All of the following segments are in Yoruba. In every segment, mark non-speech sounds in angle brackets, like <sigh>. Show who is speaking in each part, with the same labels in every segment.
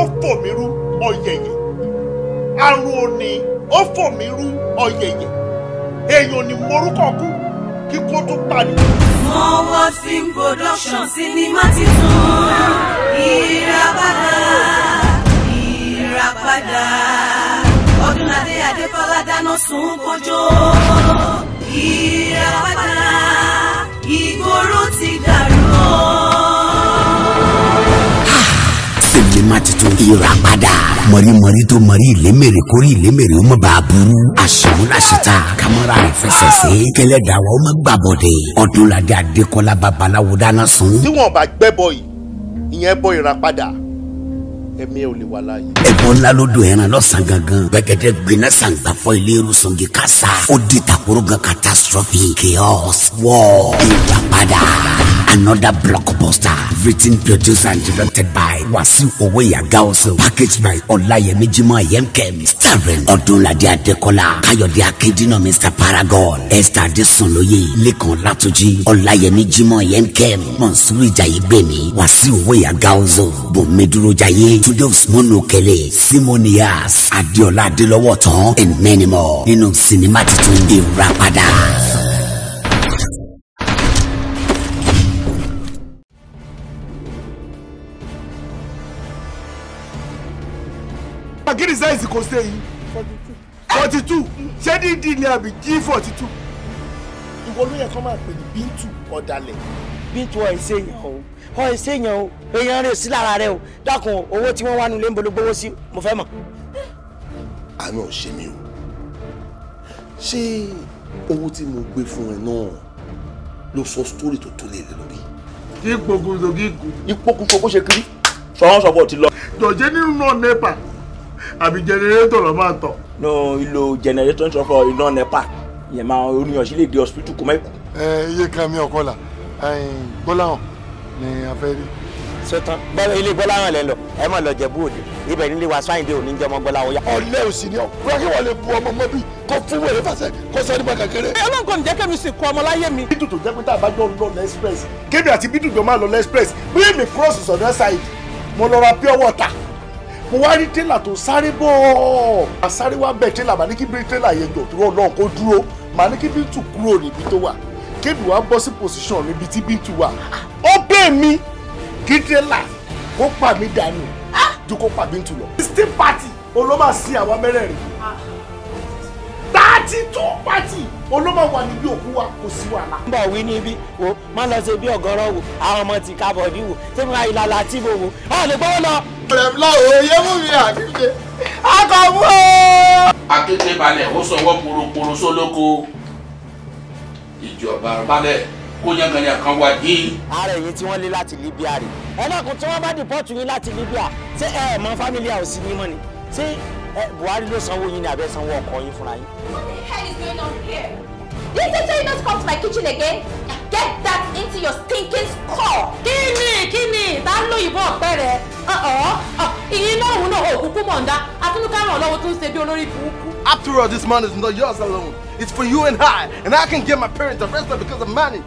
Speaker 1: ó fò mí rú ọ̀yẹ̀yẹ̀ àrùn òní ó fò mí rú ọ̀yẹ̀yẹ̀ èèyàn ní morúkọ kú kí kó tó parí. small
Speaker 2: world film production sinimá titun ìràpadà ìràpadà ọdúnládé adékọlá dáná sun kójó ìràpadà ìgboro tí.
Speaker 1: láti má ti tún ìrà padà. mọ̀rí-mọ̀rí tó mọ̀rí ìlémèrè kórè ìlémèrè ó mọ̀ bá a burú. àṣemúlàṣetà kámẹ́rà rẹ̀ fẹsẹ̀ sí. kẹlẹ́ dàwa ó mọ̀ gbàbọ̀dẹ̀. ọdúnladé adékọ́lá babaláwo dáná sun. tí wọn bá gbẹ́bọ yìí ìyẹn bọ ìrà padà ẹmí ò lè wà láàyè. ẹ̀bọ ńlá ló do ẹran lọ́sàn-án gangan gbẹgẹdẹ gbiná sàǹgbàfọ́ ilé irúsọ̀ngì kásá ó di tàkùrọ̀ gan catastrophe chaos war ìrà padà another blockbuster. Written, produced, and directed by Wasiu Owoyaga Packaged by Olayemi Jimoh Yemkem. Starring Odunlade Adekola, Kayode Akindino, Mr. Paragon, Esther Adesanloye, Lekan Latuji, Olayemi Jimoh Yemkem, Monsuru Jayigbemi, Wasiu Owoyaga also. Bùnmídúró Jayé, Túndé Usman Simonias, Adiola Adelowotan, and many more. Nínú sinimá titun Ìràpadà. pàápàá kí ni size kò ṣe yìí. forty two. forty two ṣé dídì ni àbí g forty two. ìwọ ló yẹ kó máa pè ní bíntù ọ̀dàlẹ̀. bíntù ọ̀ ẹ̀ṣẹ̀ yẹn o ọ̀ ẹ̀ṣẹ̀ yẹn o èèyàn rẹ̀ sí lára rẹ̀ o dákun owó tí wọ́n wá nílé ń bolo gbowó sí mo fẹ́ mọ̀. àánú ò ṣe mí o ṣé owó tí mo gbé fún ẹ náà ló sọ sítórì tó tó lè e lórí. kí gbogbo gbogbo. ìpokùnfò bó ṣe kiri sọ̀rọ̀ sọ̀bọ̀ ti lọ. jọ̀jẹ́ nínú náà nẹ́pà àbí jẹnẹrétọ̀ lọ́ máa tọ̀. no ìlò jẹnẹrétọ̀ nítorí pé iná nepa yẹn máa oníyàn sí lè di hospital kò mẹ́kù.
Speaker 3: ẹ iye kan mi ọkọ la gbọ́láhàn ni a fẹ́ rí. sọtán bọ́lá ilé gbọ́láhàn lẹ
Speaker 1: lọ ẹ mọ̀ lọ jẹ̀bú òde ibẹ̀ nílé wa sáyìndé òní jẹ́ ọmọ gbọ́láhàn ya. ọ̀lẹ́ òsì ni ọ kí wọ́n lè bu ọmọ mọ́ bí kó fún wèrè fàṣẹ kó sọ nípa kékeré. ẹ ọlọ́run kò ní jẹ́ kẹ́mi sìnkú ọmọ láyé mi. bídùn tó jẹ́ tá a bá jọ lọ lẹ́sprẹ́sì kébì àti bídùn jọ máa lọ lẹ́sprẹ́sì bí èmi cross is on side mo lọ ra pure water mo wá rí tẹ́là tó sáré bọ̀ àsáré wá bẹ̀ tẹ́là màá ní kí bíi tẹ́là yẹn jọ dúró lọ́ọ̀ kó dúró màá ní kí Bíntù kúrò níbi tó wà kébì wá bọ́ sí pòsíṣàn níbi tí Bíntù wà ó bẹ̀ mí kí tẹ́là kó pa mí dànù ah! ju kó pa Bíntù lọ. sixteen party olóma sí àwa mẹ́rẹ̀ẹ̀rin ah! Party, two party olómọ wà níbi òkú wa kò sí wàhálà. ń bọ̀ wí níbí wo má lọ ṣe bí ọ̀gọ́rọ̀ wò àwọn ọmọ ti kábọ̀ ní wò tí mo ra ìlàlà tí mo wò ọ̀ lè gbọ́ lọ. ọ̀rẹ́
Speaker 2: mi láwọn oyè mú mi àkíkè akọ̀wé.
Speaker 1: akéde balẹ̀ ó sọwọ́ poroporo sólóko ìjọba balẹ̀ kóyanganya kan wá dé. ààrẹ yìí tí wọ́n lé láti Libya rè
Speaker 4: ẹlẹ́kùn tí wọ́n bá dìpọ́tù yín láti Libya ṣé
Speaker 1: ẹ ẹ̀ mọ fámìlì àwòsí yín mọ́ ni ṣé Eh, Buhari ló sanwó yín ni àbẹ́ sanwó ọkọ yín fúnra yín. What
Speaker 4: the hell is going on here? Did they tell you not come to my kitchen again? Get that into
Speaker 5: your stinking skull. Kí ni kí ni ìta ń lo ìbọn ọ̀pẹ rẹ̀? Ìyín náà òun náà òkú kú mọ̀ǹda. Atúnúkà ràn lọ́wọ́ tó ń ṣe bí olórí burúkú. After all, this money is not
Speaker 1: yours alone. It's for you and I, and I can get my parents arrested because of money.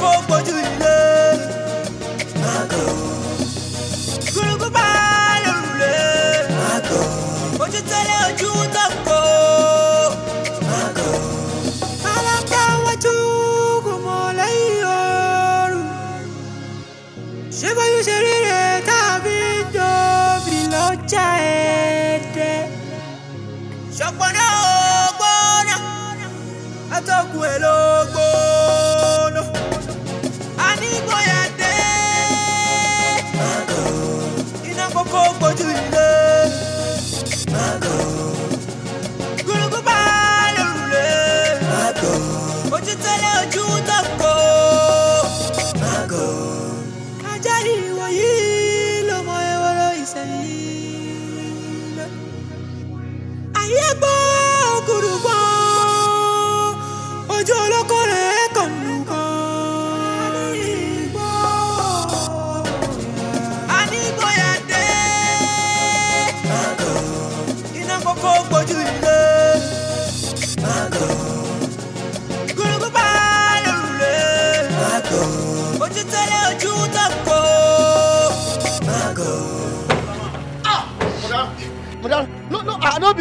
Speaker 2: kó gbójú ilé. Má kò.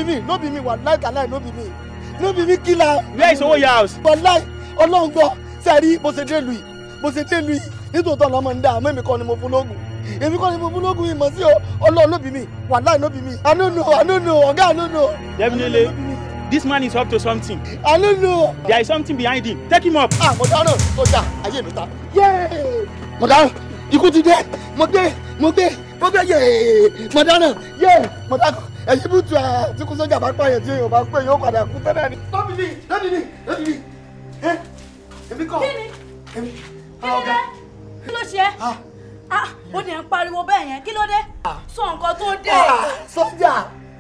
Speaker 1: be me no be me lie wàláì lie? no be me no be me killer. where is owoya house. wàláì ọlọ́run gbọ́ sẹ́ẹ̀rí bó ṣe dé lu yìí bó ṣe dé lu yìí nítòótọ́ lọ́mọ ń dá àmọ́ èmi kọ́ ni mo fún lóògùn èmi kọ́ ni mo fún lóògùn ìmọ̀ sí o ọlọ́run ló bí mi wàláì ló bí mi I don't know I don't know ọ̀gá I don't know. definitely this man is up to something. I don't know. there is something behind him take him up. ah mo dáná sójà ayé mi ta yéé mo dáná ikú ti dé mo dé mo dé mo dé yéé ẹ̀yí bùtù à tí kò sójà bá pààyàn tí èèyàn bá pé yóò padà kú tẹ́lẹ̀ ni. lọ́bìlì lọ́bìlì lọ́bìlì
Speaker 4: ẹ èmi kọ́ èmi ọ̀gá. kí ló ṣe ah. Ah, ó dẹ̀ ń pariwo bẹ́ẹ̀ yẹn kí ló dé ah. sọ nǹkan tó dé. sójà.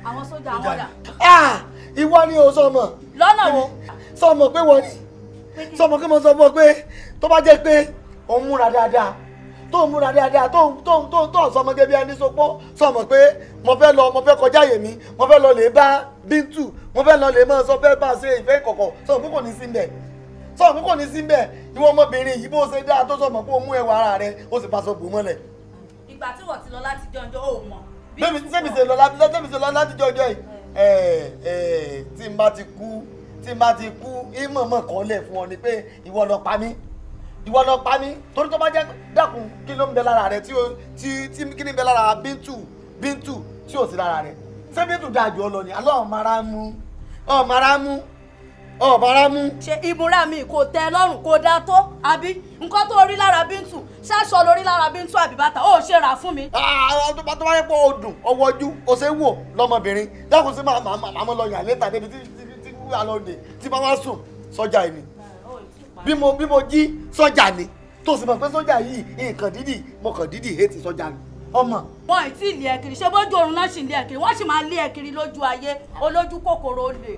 Speaker 4: àwọn
Speaker 5: sójà àwọn
Speaker 1: ọ̀dà. ìwọ ni o sọmọ. lọ́nà wo. sọmọ pé wọ́n ni sọmọ kí mo sọ fún ọ pé tó bá jẹ́ pé òun múra dáadáa tó ń múra dáadáa tó ń tó ń tó ń tó sọmọge bí ẹni sopọ sọmọ pé mo fẹ́ lọ mo fẹ́ kọjá yèmí mo fẹ́ lọ lè bá bíntù mo fẹ́ lọ lè máa sọ fẹ́ bá a ṣe ìfẹ́ ìkọ̀kọ̀ sọmọ pé kò ní sí mbẹ̀ sọmọ pé kò ní sí mbẹ̀ ìwọ ọmọbìnrin yìí bó ṣe dáa tó sọmọ pé o mú ẹwà ara rẹ o sì bá sọ bù mọ́lẹ̀.
Speaker 4: ìgbà tí wọ́n ti lọ láti jọjọ́ ò mọ̀.
Speaker 1: sẹ́mi ṣe lọ láti jọjọ́ yìí tí n bá ti kú tí n bá ìwọ lọ pa mí torí tó bá jẹ́ dákun kí ló ń bẹ lára rẹ tí tí kí ni ń bẹ lára bíntù bíntù tí ò sí lára rẹ ṣé bíntù dáa
Speaker 4: jù ọ lọ ni àlọ́ ọ̀mara mú ọ̀mara mú ọ̀mara mú. ṣe ìmúra mi kò tẹ́ lọ́rùn kò dáa tó àbí nǹkan tó rí lára bíntù ṣáṣọ lórí lára bíntù àbí bàtà ó ṣe rà fún mi. Ah, ah,
Speaker 1: tó bá tó bá yẹ pé o dùn ọwọ́ ojú o ṣe wò lọ́mọbìnrin dákun sí màmá lọ yàn létà débi tí tí tí wúwo àlọ́ bí mo bí mo jí sọ́jà ni tó sì mọ̀ pé sọ́jà yìí nǹkan dídì mo kàn dídì hẹ́ẹ̀tì sọ́jà ni ọmọ.
Speaker 5: wọn ì tí ì ṣé bójú oorun náà sì lé ẹ kiri sì máa lé ẹ lójú ayé olójú kòkòrò lè.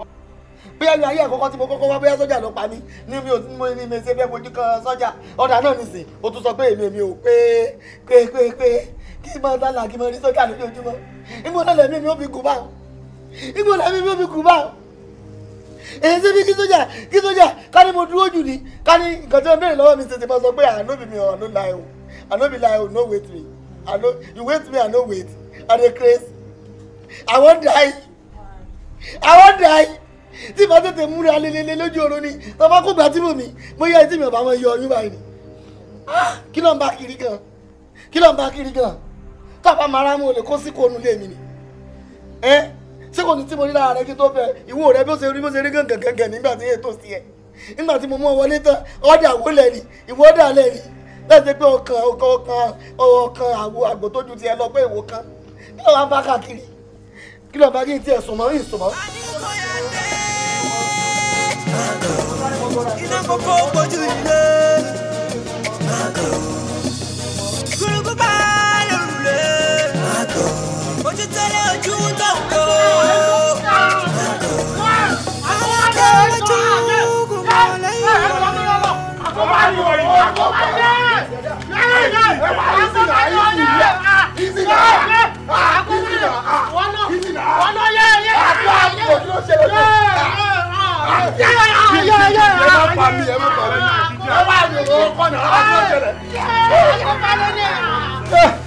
Speaker 1: bóyá ní ayé àkọ́kọ́ tí mo kọ́kọ́ wá bóyá sọ́jà ló pa mí ni mi ò tí mo ní mi fẹ́ fojú kan sọ́jà ọ̀dà náà nìsín o tún sọ pé èmi èmi ò pé pé pé pé kí n máa dá làkì mọ́ sọ́jà lójoojúmọ́ ìmọ̀lẹ́lẹ̀ mi ò fi kú báwọn ìmọ̀lẹ́lẹ̀ mi ò fi kú báwọn èyí sí bí kí sójà kí sójà ká mo dúró jù ní ká ní nǹkan tí wọ́n béèrè lọ́wọ́ mi tètè bá sọ pé àná bí mi ò àná láì o àná bí láì o no wait me àná you wait me I no wait i dey craze i wan die i wan die tí màá tètè múra lélẹ́lẹ́ lójú oorun ni tọ́ba kó gbà tí mò mi bóyá etí mi ò bá wọn yọ ọyún báyìí ni ah! kí ló ń bá kiri gan kí ló ń bá kiri gan tọ́ba màrá mu ò lè kó sí kónú mi ni. Eh? ṣé kò tí mo rí lára rẹ kí tó fẹ́ ìwọ rẹ bí ó se rí bó ṣe rí gàngàn gàngàn e ẹ mo ni ni se pe awo agbo tó ju e lọ pe ìwọ kan kí ló wá bá káàkiri kí ló bá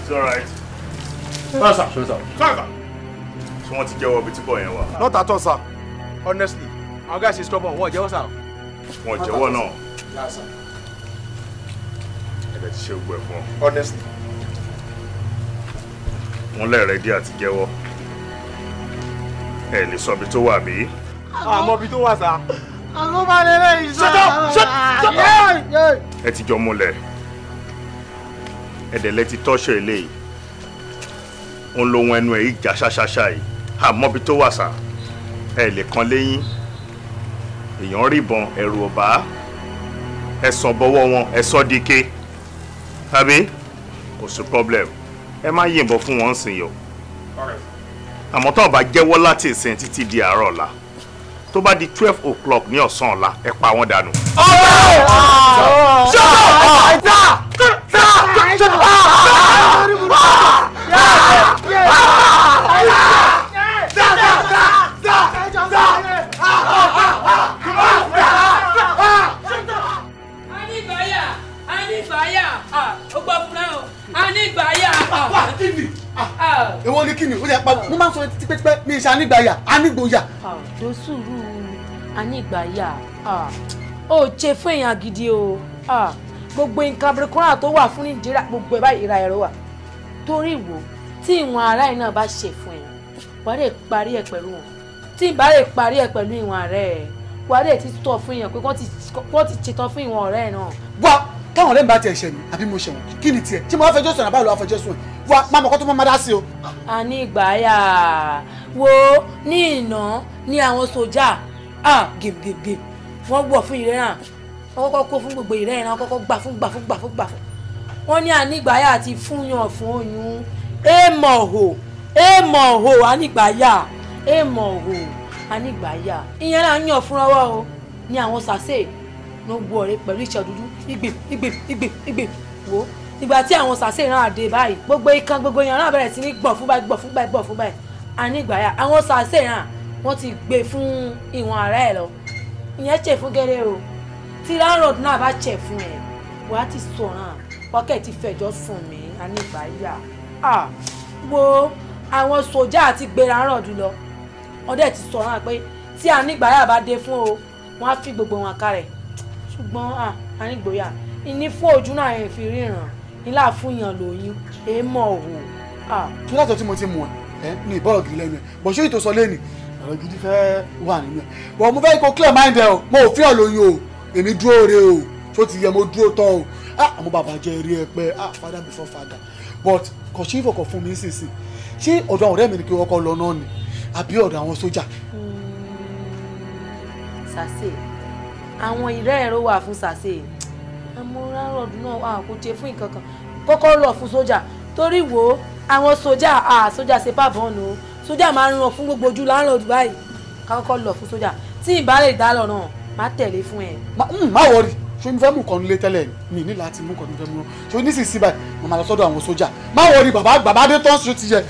Speaker 1: It's alright. Sir, ṣé wọ́n ti jẹ́wọ́ ibi tí bọ̀ yẹn wà. not at all sir honestly our guys is trouble. wọ́n jẹ́wọ́ sir. wọ́n jẹ́wọ́ náà. ẹ̀rẹ̀ ti ṣe gbogbo ẹ̀ fún ọ. honestly. wọ́n lẹ́rẹ̀ẹ́ dí àti jẹ́wọ́ ẹ lè sọ ibi tó wà mí. àmọ́ ibi tó wà sá. àmọ́ bá lè lè sọ.
Speaker 6: ṣètò
Speaker 1: ẹ ti jọ múlẹ̀ ẹ̀dẹ̀ lẹ ti tọ́ṣọ eléyìí ń lo ohun ẹnu ẹ̀ yìí já ṣáṣáṣá yìí àmọ́bi tó wà sá ẹ lè kan lẹ́yìn èèyàn rìbọn ẹ̀rù ọ̀bá ẹ̀sọ̀ bọ́wọ́ wọn ẹ̀sọ̀ dike tàbí kò sí problem ẹ má yìnbọn fún wọn sìn yọ àmọ́ tó bá jẹ́wọ́ láti ìsìn títí di àárọ̀ ọ̀la tó bá di twelve o'clock ní ọ̀sán ọ̀la ẹ pa wọ́n dànù.
Speaker 2: ọ̀rẹ́ ọ̀ ah! ṣọ́ọ̀
Speaker 1: ìwọ ni kí ni o lè pa mo máa ń sọ tipẹ́tipẹ́ mi ṣe anígbàyà anígbòyà.
Speaker 5: àdó sùúrù anígbàyà ó ṣe fún èèyàn gidi o gbogbo nǹkan abirikúnrà tó wà fún Nàìjíríà gbogbo ẹ̀ báyìí ra ẹ̀rọ wà torí ìwò tí ìwọ̀n ara ẹ̀ náà bá ṣe fún ẹ̀ wàá lè parí ẹ̀ pẹ̀lú wọn tí ìbá lè parí ẹ̀ pẹ̀lú ìwọ̀n ara ẹ̀ wàá lè ti tọ̀ fún èèyàn pé wọ́n ti ṣetán fún ìwọ̀n ọ̀rẹ́
Speaker 1: náà táwọn ọ̀rẹ́ mi bá tiẹ̀ ṣẹ̀ mí àbí mo ṣẹ̀wọ̀n kí ni tiẹ̀ tí mo bá fẹjọ́ sùn àbá lọ àfẹjọ́ sùn ẹ̀ wa má mọ̀kọ́ tó mọ́ máa dá sí o.
Speaker 5: a ní ìgbáyà wo ní ìná ní àwọn sójà a gèmgèmgèm wọ́n wọ̀ fún ìrẹ́rà wọ́n kọ́kọ́ kó fún gbogbo ìrẹ́rà wọ́n kọ́kọ́ gbà fún gbà fún gbà fún gbà fún. wọ́n ní ànígbáyà ti fúnyàn fún oyún èèmọ̀ hò èèmọ̀ hò ànígbáyà èèmọ̀ hò ànígbáyà ìyẹn náà ń yàn fúnra wa o ní àwọn sàṣẹ́ ló ń wo ọ̀rẹ́ pẹ̀lú ìṣẹ́ dúdú igbe igbe igbe igbe wò ó ìgbà tí àwọn sàṣẹ ìran àdè báyìí gbogbo ikan gbogbo ìran náà bẹ̀rẹ̀ sí ní gbọ̀n fún báyìí gbọ̀n fún báyìí gbọ̀n fún báyìí àní ìgbàyà àwọn sàṣẹ ìran wọ́n ti gbé fún ìwọ̀n ara ẹ̀ lọ ìyẹn ṣe fún gẹ́rẹ́ o tí landlord náà bá ṣẹ̀ fún ẹ̀ wà á ti sọ̀ràn pocket ti fẹ̀jọ́ sùn mí àní ìgbàyà wo àwọn sòjà ti gbéra landlord lọ ọdẹ ti sọ̀ràn pé tí àní ìgbàyà bá dé fún o wọ́n á fi gbogbo wọn kárẹ̀ ṣùgbọ́n ànígbòyà ìní fún ojú náà ẹ̀ fi ríran nílà fún yàn lóyún èé mọ̀ òwò.
Speaker 1: kí látọ̀ tí mo ti mọ̀ ẹ́ ní ìbọ̀rọ̀ gidi lẹ́nu ẹ̀ bọ̀ ṣé ìtòsọ lẹ́nu ọ̀rọ̀ gidi fẹ́ wà nínú ẹ̀ bọ̀ mo fẹ́ kó clear mind ẹ o mo ò fi hàn lóyún o èmi dúró re o tó ti yẹ mo dúró tán o ah àmọ́ bàbá jẹ́ rí ẹ pé ah father before father but kò ṣe ìfọkàn fún mi sísìn ṣé ọ̀dọ̀ àwọn ọ̀rẹ́ mi ni kí wọ́n kọ́ lọ náà ni àbí ọ̀dọ̀ àwọn sójà. Hmm.
Speaker 5: sàṣe àwọn ìrẹ́ẹ̀rọ wà fún sàṣe àmọ́ náà wà kò jẹ fún nǹkan kọ́kọ́ lọ fún sójà torí wo àwọn sójà à sójà ṣe bá bọ́ọ̀nù o sójà máa ń ràn fún gbogbo ojú láàrọ̀ Dubai kọ́kọ́ lọ fún sójà tí ìbálẹ̀ ìdálọ̀ náà má tẹ̀lé fún ẹ. Hmm,
Speaker 1: má wọrí ṣé n fẹ́ mú kọ́nu lé tẹ́lẹ̀ mi ní láti mú kọ́nu fẹ́ mú rán ṣé nísinsìnyí báyìí mo lọ sọ́dọ̀ àwọn sójà má wọrí bàbá bàbá dé tán ṣó ti yẹ.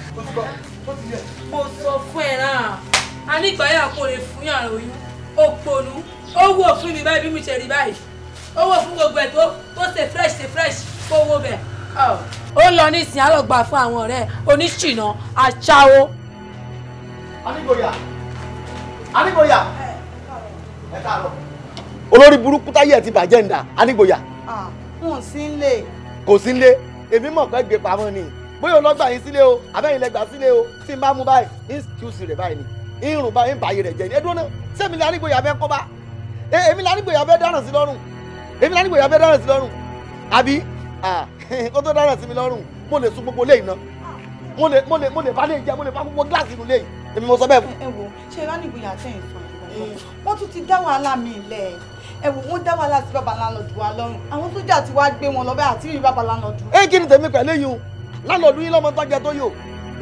Speaker 4: mo sọ fún ẹ náà
Speaker 5: a nígbà yà kó lè fún yàrá oyún òpònú ó wò fún mi báyìí bí mo ṣe rí báyìí ó wò fún gbogbo ẹ̀ tó tó ṣe fresh ṣe fresh kó wó bẹ̀. Oh. ó lọ ní ìsìn àlọ́gbà fún àwọn ọ̀rẹ́ oníṣìnà aṣáwó. anígbòyà anígbòyà ẹ káàárọ̀.
Speaker 1: olórí burúkú táyé ẹ ti bàjẹ́ ń dà anígbòyà. wọn ò sí ń lè. kò sí ń lè èmi mọ̀ pé gbé pamọ́ ni bóyá ọlọ́gbà yín sílé o àbẹ́yìn lẹ́gbà sílé o tí n bá mú báyìí ń kí ó sì rẹ̀ báyìí ni ń rùn báyìí ń bàyè rẹ̀ jẹ́ ni ẹ dúró náà sẹ́mi ní anígbòyà fẹ́ kọ́ bá Eh, èmi la nígbèyà bẹ́ẹ̀ dáràn sí lọ́rùn èmi la nígbèyà bẹ́ẹ̀ dáràn sí lọ́rùn àbí kó tó dáràn sí mi lọ́rùn mo lè sun gbogbo lẹ́yìn náà mo lè mo lè mo lè bá lè jẹ mo lè bá gbogbo gíláàsì inú lẹ́yìn èmi mo sọ bẹ́ẹ̀ fún. ẹ
Speaker 4: wo ṣe ìránìgbòyà tẹ̀ ń sọ wọ́n tún ti dá wàhálà mi lẹ̀ ẹ wò wọ́n dá wàhálà sí bàbá lánàdù wa lọ́rùn àwọn sójà ti wá gbé wọn lọ bẹ́ẹ̀ àti rí bàbá lánàdù.
Speaker 1: ẹ eh, kí ni tèmi pẹ̀lú yìí o lánàdù yín lọ́mọ tọ́jà tó yò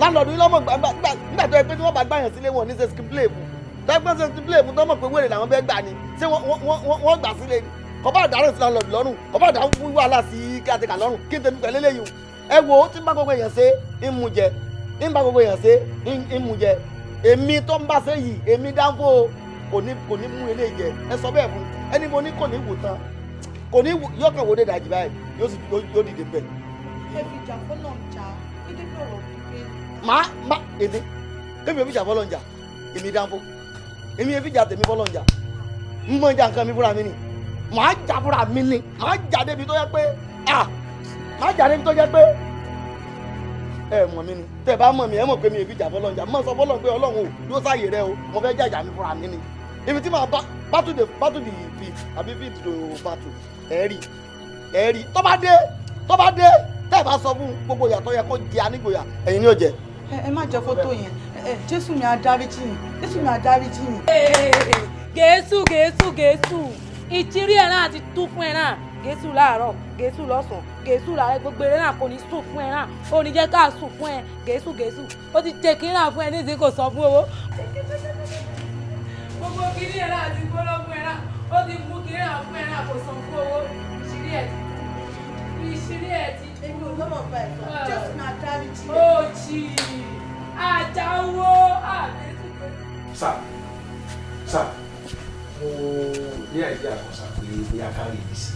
Speaker 1: lánàdù yín lọ́mọ gbàgbà nígbà tó yẹ pé tí wọ́n bá gbàyàn sílé wọn ní ṣe skip play fún tọ́gbọ́n ṣe ti bílẹ̀ fún tọ́mọ̀ pé wèrè làwọn bẹ́ẹ̀ gbà ni ṣé wọ́n gbà sílẹ̀ ni kọ́bá àdáràn sí lọ́ọ̀lù lọ́rùn kọ́bá àdá fún wàhálà sí kíátíkà lọ́rùn kí n tẹnu pẹ̀lú eléyìí ẹ wo tí n bá gbogbo èèyàn ṣe ń mu jẹ ń bá gbogbo èèyàn ṣe ń mu jẹ èmi tó ń bá ṣe yìí èmi dáńfó kò ní kò ní mú eléyìí jẹ ẹ sọ bẹ́ẹ̀ fún ẹni mo ní kò ní wò tán kò ní yóò kàn wò dé dàjì báyìí yóò sì yóò èmi èfi jà tèmi fọlọ́ jà ń mọ̀ jà nǹkan mi fúnra mi ni màá jà fúnra mi ni màá jà débi tó yẹ pé à màá jà débi tó yẹ pé ẹ mọ̀ mi ni tẹ̀ bá mọ̀ mi ẹ mọ̀ pé mi èfi jà fọlọ́ jà mọ̀ sọ fọlọ́ pé ọlọ́run ò yóò sáàyè rẹ o mo fẹ́ jà jà mi fúnra mi ni èmi tí màá bá bátù dè bátù dì fi àbí fi dò bátù ẹ rí ẹ rí tó bá dé tó bá dé tẹ̀ bá sọ fún gbogbo ìyàtọ̀ yẹ kó jẹ anígboyà ẹ̀yin ni ó jẹ.
Speaker 5: ẹ má jẹ fótó yẹn Eh, jésù mi adáríjì mi jésù mi adáríjì mi. gẹ̀ẹ́sù gẹ̀ẹ́sù gẹ̀ẹ́sù ìtírí ẹ̀ náà ti tú fún ẹ̀ náà gẹ̀ẹ́sù láàárọ̀ gẹ̀ẹ́sù lọ́sàn-án gẹ̀ẹ́sù làárẹ̀ gbogbo eré náà kò ní sùn fún ẹ̀ náà ò ní jẹ́ ká sùn fún ẹ̀ gẹ̀ẹ́sù gẹ̀ẹ́sù ó ti tẹ kí náà fún ẹ níṣẹ́ kò sọ fún owó. gbogbo kiri ẹ̀ náà ti gbóná fún ẹ̀ náà ó ti mú kiri náà fún ẹ̀ náà kò sọ fún owó ìṣírí ẹ̀ ti ìṣírí ẹ̀ ti. èmi ò lọ́mọ̀ bá ẹ̀ sọ ah. jésù máa dárí jì. ó oh, jì í àjàwó àdéjúgbé.
Speaker 1: sà sà mo ní àìdí àkọsà pé bóyá kárí ibi sí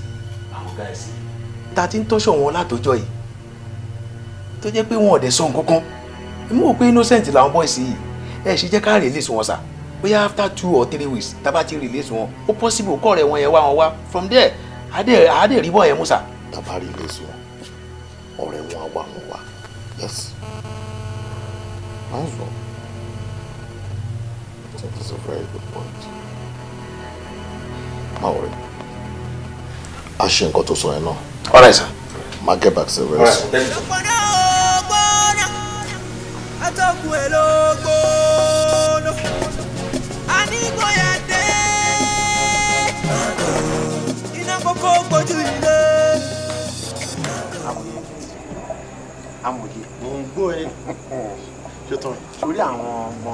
Speaker 1: àwọn gáàsì. ta ti ń tọ́ṣọ̀ wọn látọjọ́ yìí tó jẹ́ pé wọn ò dẹ̀ sọ nǹkan kan èmi pé innocent làwọn bọ́ìsì yìí ẹ ṣe jẹ́ ká release wọn sà bóyá after two or three weeks tá ti release wọn ó possible kọ́ ọ̀rẹ́ wọn yẹn wá wọn wá from there àádẹ́ yẹn mú sà. tá release wọn ọ̀rẹ́ wọn á wá wọn wá yes counsel. I think it's a very good point. Má worry. A ṣe nǹkan tó sọ yẹn All right, sir. Má get back to you very soon.
Speaker 7: Lọ́pọ̀nà you.
Speaker 2: àtọ́kùn èlò ògbóná,
Speaker 1: ṣé tán sórí àwọn ọmọ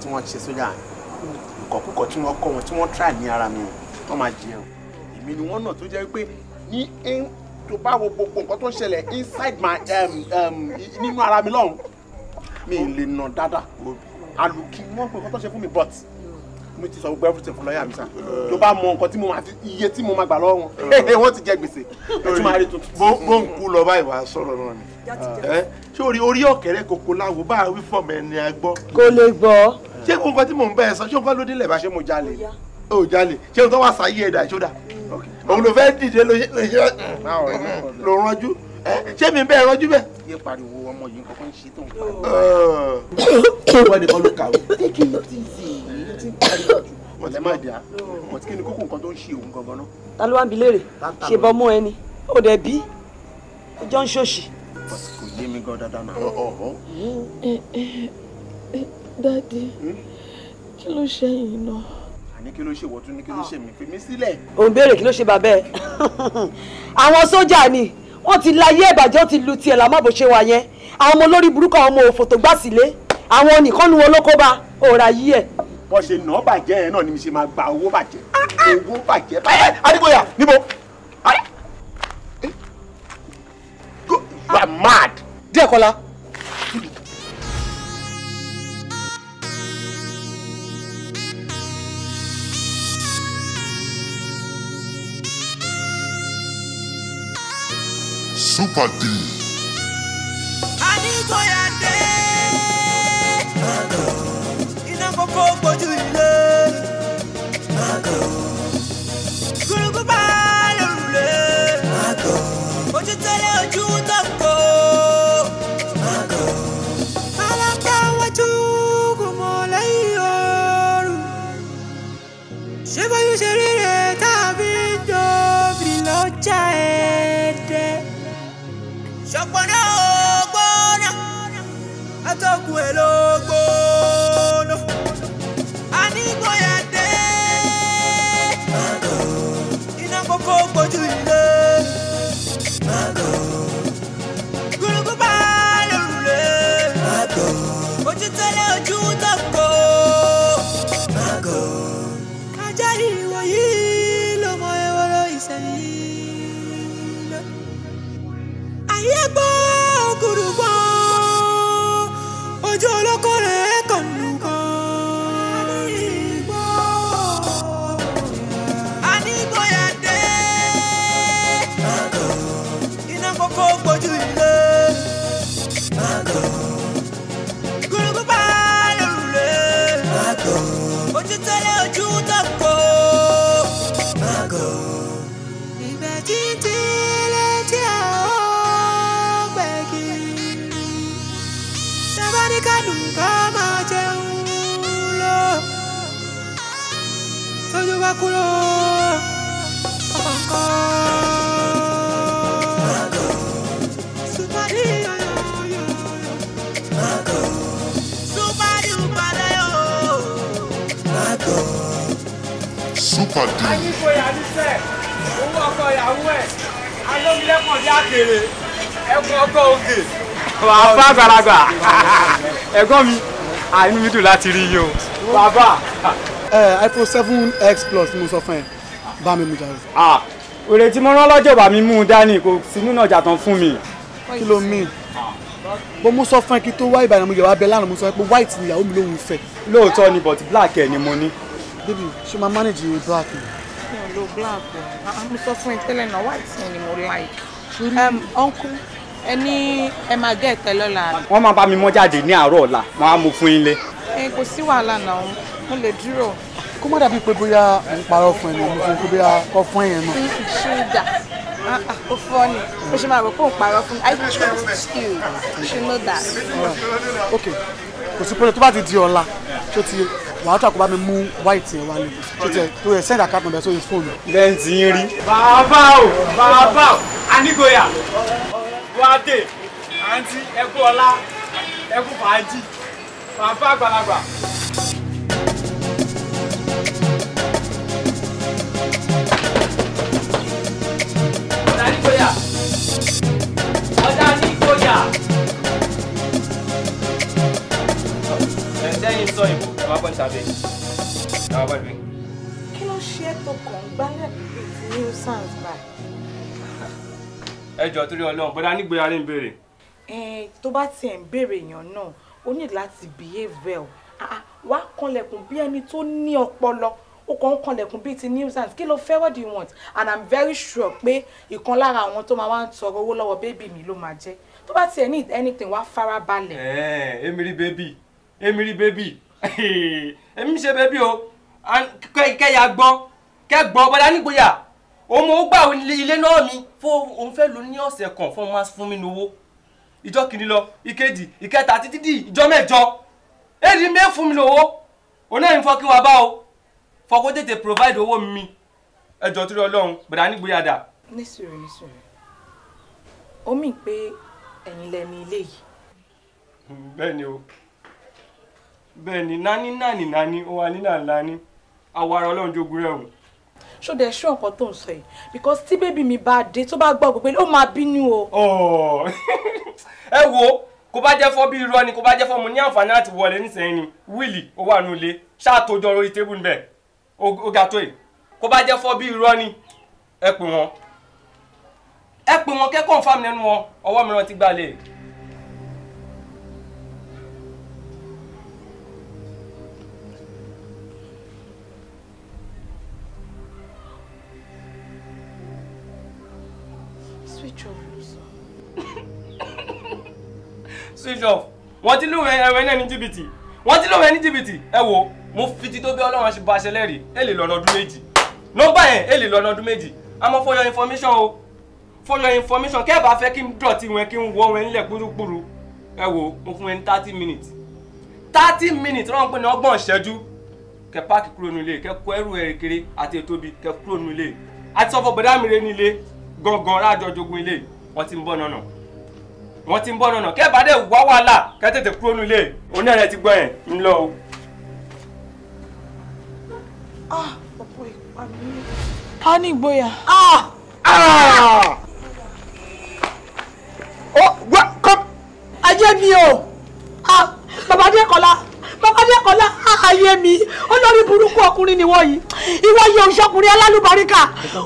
Speaker 1: tí wọ́n ṣe sójà ìkọ̀kúkọ̀ tí wọ́n kọ́ wọn tí wọ́n try ní ara mi wọ́n máa jẹun èmi ni wọ́n náà tó jẹ́ pé ní tó bá wo gbogbo nǹkan tó ń ṣẹlẹ̀ inside my nínú ara mi lọ́hùn mi lè nà dáadáa àlùkí wọ́n nǹkan tó ṣe fún mi but mo ti sọ gbogbo everything fún lọ́ọ̀yà mi sà tó bá mọ nǹkan tí mo máa iye tí mo máa gbà lọ́wọ́ wọn <laughs> ti jẹ gbèsè ẹ máa rí tuntun. bó ń kú lọ báyìí wàá sọ̀rọ̀ náà ni ṣé orí orí ọ̀kẹ́rẹ́ kòkó láwo bá wí fọ̀ mẹ́ ni a gbọ́. kò lè gbọ́. ṣé kò nǹkan tí mò ń bẹ́ ẹ sọ ṣé nǹkan ló délẹ̀ bá ṣe mo jalè o jalè ṣé nǹkan wà sáyé ẹ̀dá ìṣódà òun ló fẹ́ dìde ló rànjú ṣé mi bẹ́ẹ̀ rànjú bẹ́ẹ̀. yé pariwo ọmọ yìí nǹkan ń ṣe tó ń pariwo. ìwọ nìkan ló kàwé. take it easy ti ń <coughs> parí jù wọ́n ti máa dìá wọ́n ti kí ni kókó nǹkan tó ń ṣe òun gangan náà. ta ló wá ń bi léèrè ṣe bọ́ mú ẹni ó dẹ̀ bí ó jọ ń ṣòṣì. kò yé mi gan dáadáa náà.
Speaker 5: dáàdi hmm? kí ló ṣe yìí náà.
Speaker 1: àní kí ló ṣe wọ́n tún ní kí ló ṣe mí fi mí sílẹ̀. òun béèrè kí
Speaker 4: ló ṣe bàbá ẹ <laughs> àwọn sójà ni wọ́n ti láyé ìbàjẹ́ wọ́n ti lu tiẹ̀ làmọ́ bó ṣe wà yẹn àwọn ọmọ olórí burúkú àwọn ọmọ òfò tó gbà sílé àwọn nìkan nu wọn ló bá òòrà
Speaker 1: yí ẹ̀ bọ́ ṣe nà bàjẹ́ yẹn náà ni mi ṣe máa gba owó bàjẹ́ ah, ah. owó bàjẹ́ bàjẹ́ adigoya níbo ah. you are mad. díẹ̀ kọ́lá. super deal.
Speaker 2: adigoya dé kó gbójú ilé. Mago. Gúrúgú bá lòrùlé. Mago. Ojú tẹ́lẹ̀ ojú tó ń kó. Mago. Alága wájú kò mọ̀ lẹ́yìn ooru. Ṣé bóyú ṣe rí rẹ̀ tàbí dòbí lọ́jà ẹ̀ẹ́dẹ́? Ṣọ̀pọ̀ náà ó gbóná. Atọ́kùn èlò.
Speaker 6: Kọ̀dí.
Speaker 7: Ayíkòyà ní sẹ́, owó ọkọ ìyàwó ẹ̀, alómilẹ́kàn ní àkèrè, ẹ̀kọ́ ọkọ ògè. Bàbá àgbàlagbà,
Speaker 1: ẹ̀gbọ́n mi, inú mi dùn láti rí yín o. Bàbá. iPhone seven x plus ni mo sọ fún ẹ, bá mi mú jáde. Òrè tí mo rán lọ́jọ́ bá mi mú un dání kò sí nínú ọjà tán fún mi. Kí ló mìíràn? bó mo sọ fún ẹ kí tó wá ìbàdàn mo yẹ wá bẹ lánàá mo sọ pé white ni ìyàwó mi lòun fẹ́. lóòótọ́ ni but black ẹ̀ ni mo ní. Baby, she máa manage ìwé black ni?
Speaker 5: Mi ò lo black o. Ah, ah, mo sọ fún ẹ tẹ́lẹ̀ white ni mo like. Uncle, any, ní ẹ get gé ẹ̀tẹ́ lọ́la.
Speaker 7: Wọ́n máa bá mi mọ́ jáde aro la, ọ̀la, wọ́n á mú fún yín lé.
Speaker 5: Ẹ kò sí wàhálà náà, mo le duro.
Speaker 1: Kó má dàbí pé bóyá mo ń parọ́ fún ẹ ní mo fún pé bóyá kọ́ fún ẹ̀yẹn
Speaker 4: náà. Ṣúgà, ó fọ́ ni, ó ṣe máa rò pé òun parọ́ fún mi. I trust you, you should know that. All right.
Speaker 1: Okay kò sí pẹ́lú tó bá ti di ọ̀la tó ti wàá tó àkóbá mi mú white yẹn wálé tó ti tó yẹ send account number sórí fóònù. bẹ́ẹ̀ ti ń rí. bàbá o bàbá o
Speaker 7: anigoya wade
Speaker 1: àǹtí ẹkú ọlá ẹkú fàájì bàbá àgbàlagbà.
Speaker 2: ọ̀dà anigoya anigoya.
Speaker 7: máa bọ́ níta bẹ́ẹ̀ ẹ máa bọ́ níbí.
Speaker 5: kí ló ṣe é tó kàn ń gbálẹ̀ bíbí ti new sans báyìí.
Speaker 7: ẹ jọ torí Ọlọ́run bọdá nígbèrè alẹ ń béèrè.
Speaker 5: ẹ tó bá tiẹ̀ ń béèrè èèyàn náà ó ní láti behave well wá kanlẹ̀kùn bí ẹni tó ní ọpọlọ ó kàn ń kanlẹ̀kùn bíi ti new sans kí ló fẹ́ what do you want and i'm very sure pé ìkan lára àwọn tó máa wá ń tọrọ owó lọ́wọ́ bébì mi ló máa jẹ́ tó bá tiẹ̀ need anything wá farabalẹ̀.
Speaker 7: ẹ ẹ emiri baby Emily baby èmi ṣe bẹ́ẹ̀ bí o kẹ́yà gbọ́ kẹ́ gbọ́ bọ́dá nígboyà òun mo gbà ilé náà mi fún òun fẹ́ lò ní ọ̀sẹ̀ kan fún ọmọ fún mi lówó ìjọ kìíní lọ ìkejì ìkẹta títí di ìjọ mẹ́jọ èyí mi fún mi lówó òun náà ń fọ́ kí wa bá o fọwọ́ tètè provide owó mi ẹjọ́ tó lọ lọ́hùn bọ́dá nígboyà dà.
Speaker 4: nísìrì nísìrì ó mì pé ẹ̀yin lẹni
Speaker 7: ilé yìí. bẹ́ẹ̀ ni o bẹ́ẹ̀ ni nání nání nání ó wà ní nàlání àwọ̀ ara ọlọ́run jogun rẹ̀ o. ṣó dẹ̀ ṣó nǹkan tó ń sọ yìí
Speaker 5: because tí bébí mi bá dé tó bá gbọ́ gbogbo ó máa bínú o.
Speaker 7: ẹ wo kó bá jẹ́ fọ́ bí irọ́ ni kó bá jẹ́ fọ́ mo ní àǹfààní láti wọlé nísìnyí ni wíìlì ó wà nílé ṣáà tó jọ orí tébù níbẹ̀ ó ga tó yìí kó bá jẹ́ fọ́ bí irọ́ ni ẹ pè wọ́n ẹ pè wọ́n kẹ́kọ̀ọ́ fáàmì lẹ́nu wọn ọwọ́ mìíràn ti gbà switch off wọ́n ti lóun ẹ̀rọ náà ní jìbìtì wọ́n ti lóun ẹ̀ ní jìbìtì ẹ wo mo fi ti tó bí ọlọ́run ṣe bá aṣẹ lẹ́rìí ẹ lè lọ́nà ọdún méjì nọ́mbà yẹn ẹ lè lọ́nà ọdún méjì àmọ́ for your information o for your information kẹ́ ẹ̀ bá fẹ́ kí n dọ̀tí wọn kí n wọ́ wọn nílẹ̀ gbúrúgbúrú ẹ wo mo fún ẹ ní thirty minutes thirty minutes rán pé ní ọgbọ̀n ìṣẹ́jú kẹ páàkì kúrò nílé kẹ kó ẹrù ẹ̀ kéré àti ètò ibi kẹ kúrò nílé àti sọ fọ bọ̀dá mi rẹ nílé gangan rájọ jogun ilé wọn ti ń bọ̀ nọ̀nà wọ́n ti ń bọ́ nọ̀nà kẹ́ẹ̀ bá dẹ̀ wá wàhálà kẹ́ẹ̀ tètè kúrò nílé onírẹ̀ ti gbọ́n ẹ̀ ń lọ o.
Speaker 5: Ah, ọ̀pọ̀ ìpa mi. a ní ìgboyà.
Speaker 4: Ah! Ah! Oh, ajé mi o bàbá adékọ̀lá bàbá adékọ̀lá ayé mi olórí burúkú ọkùnrin ni wọ́n yìí ìwọ yẹ òṣèkùnrin alálùbáríkà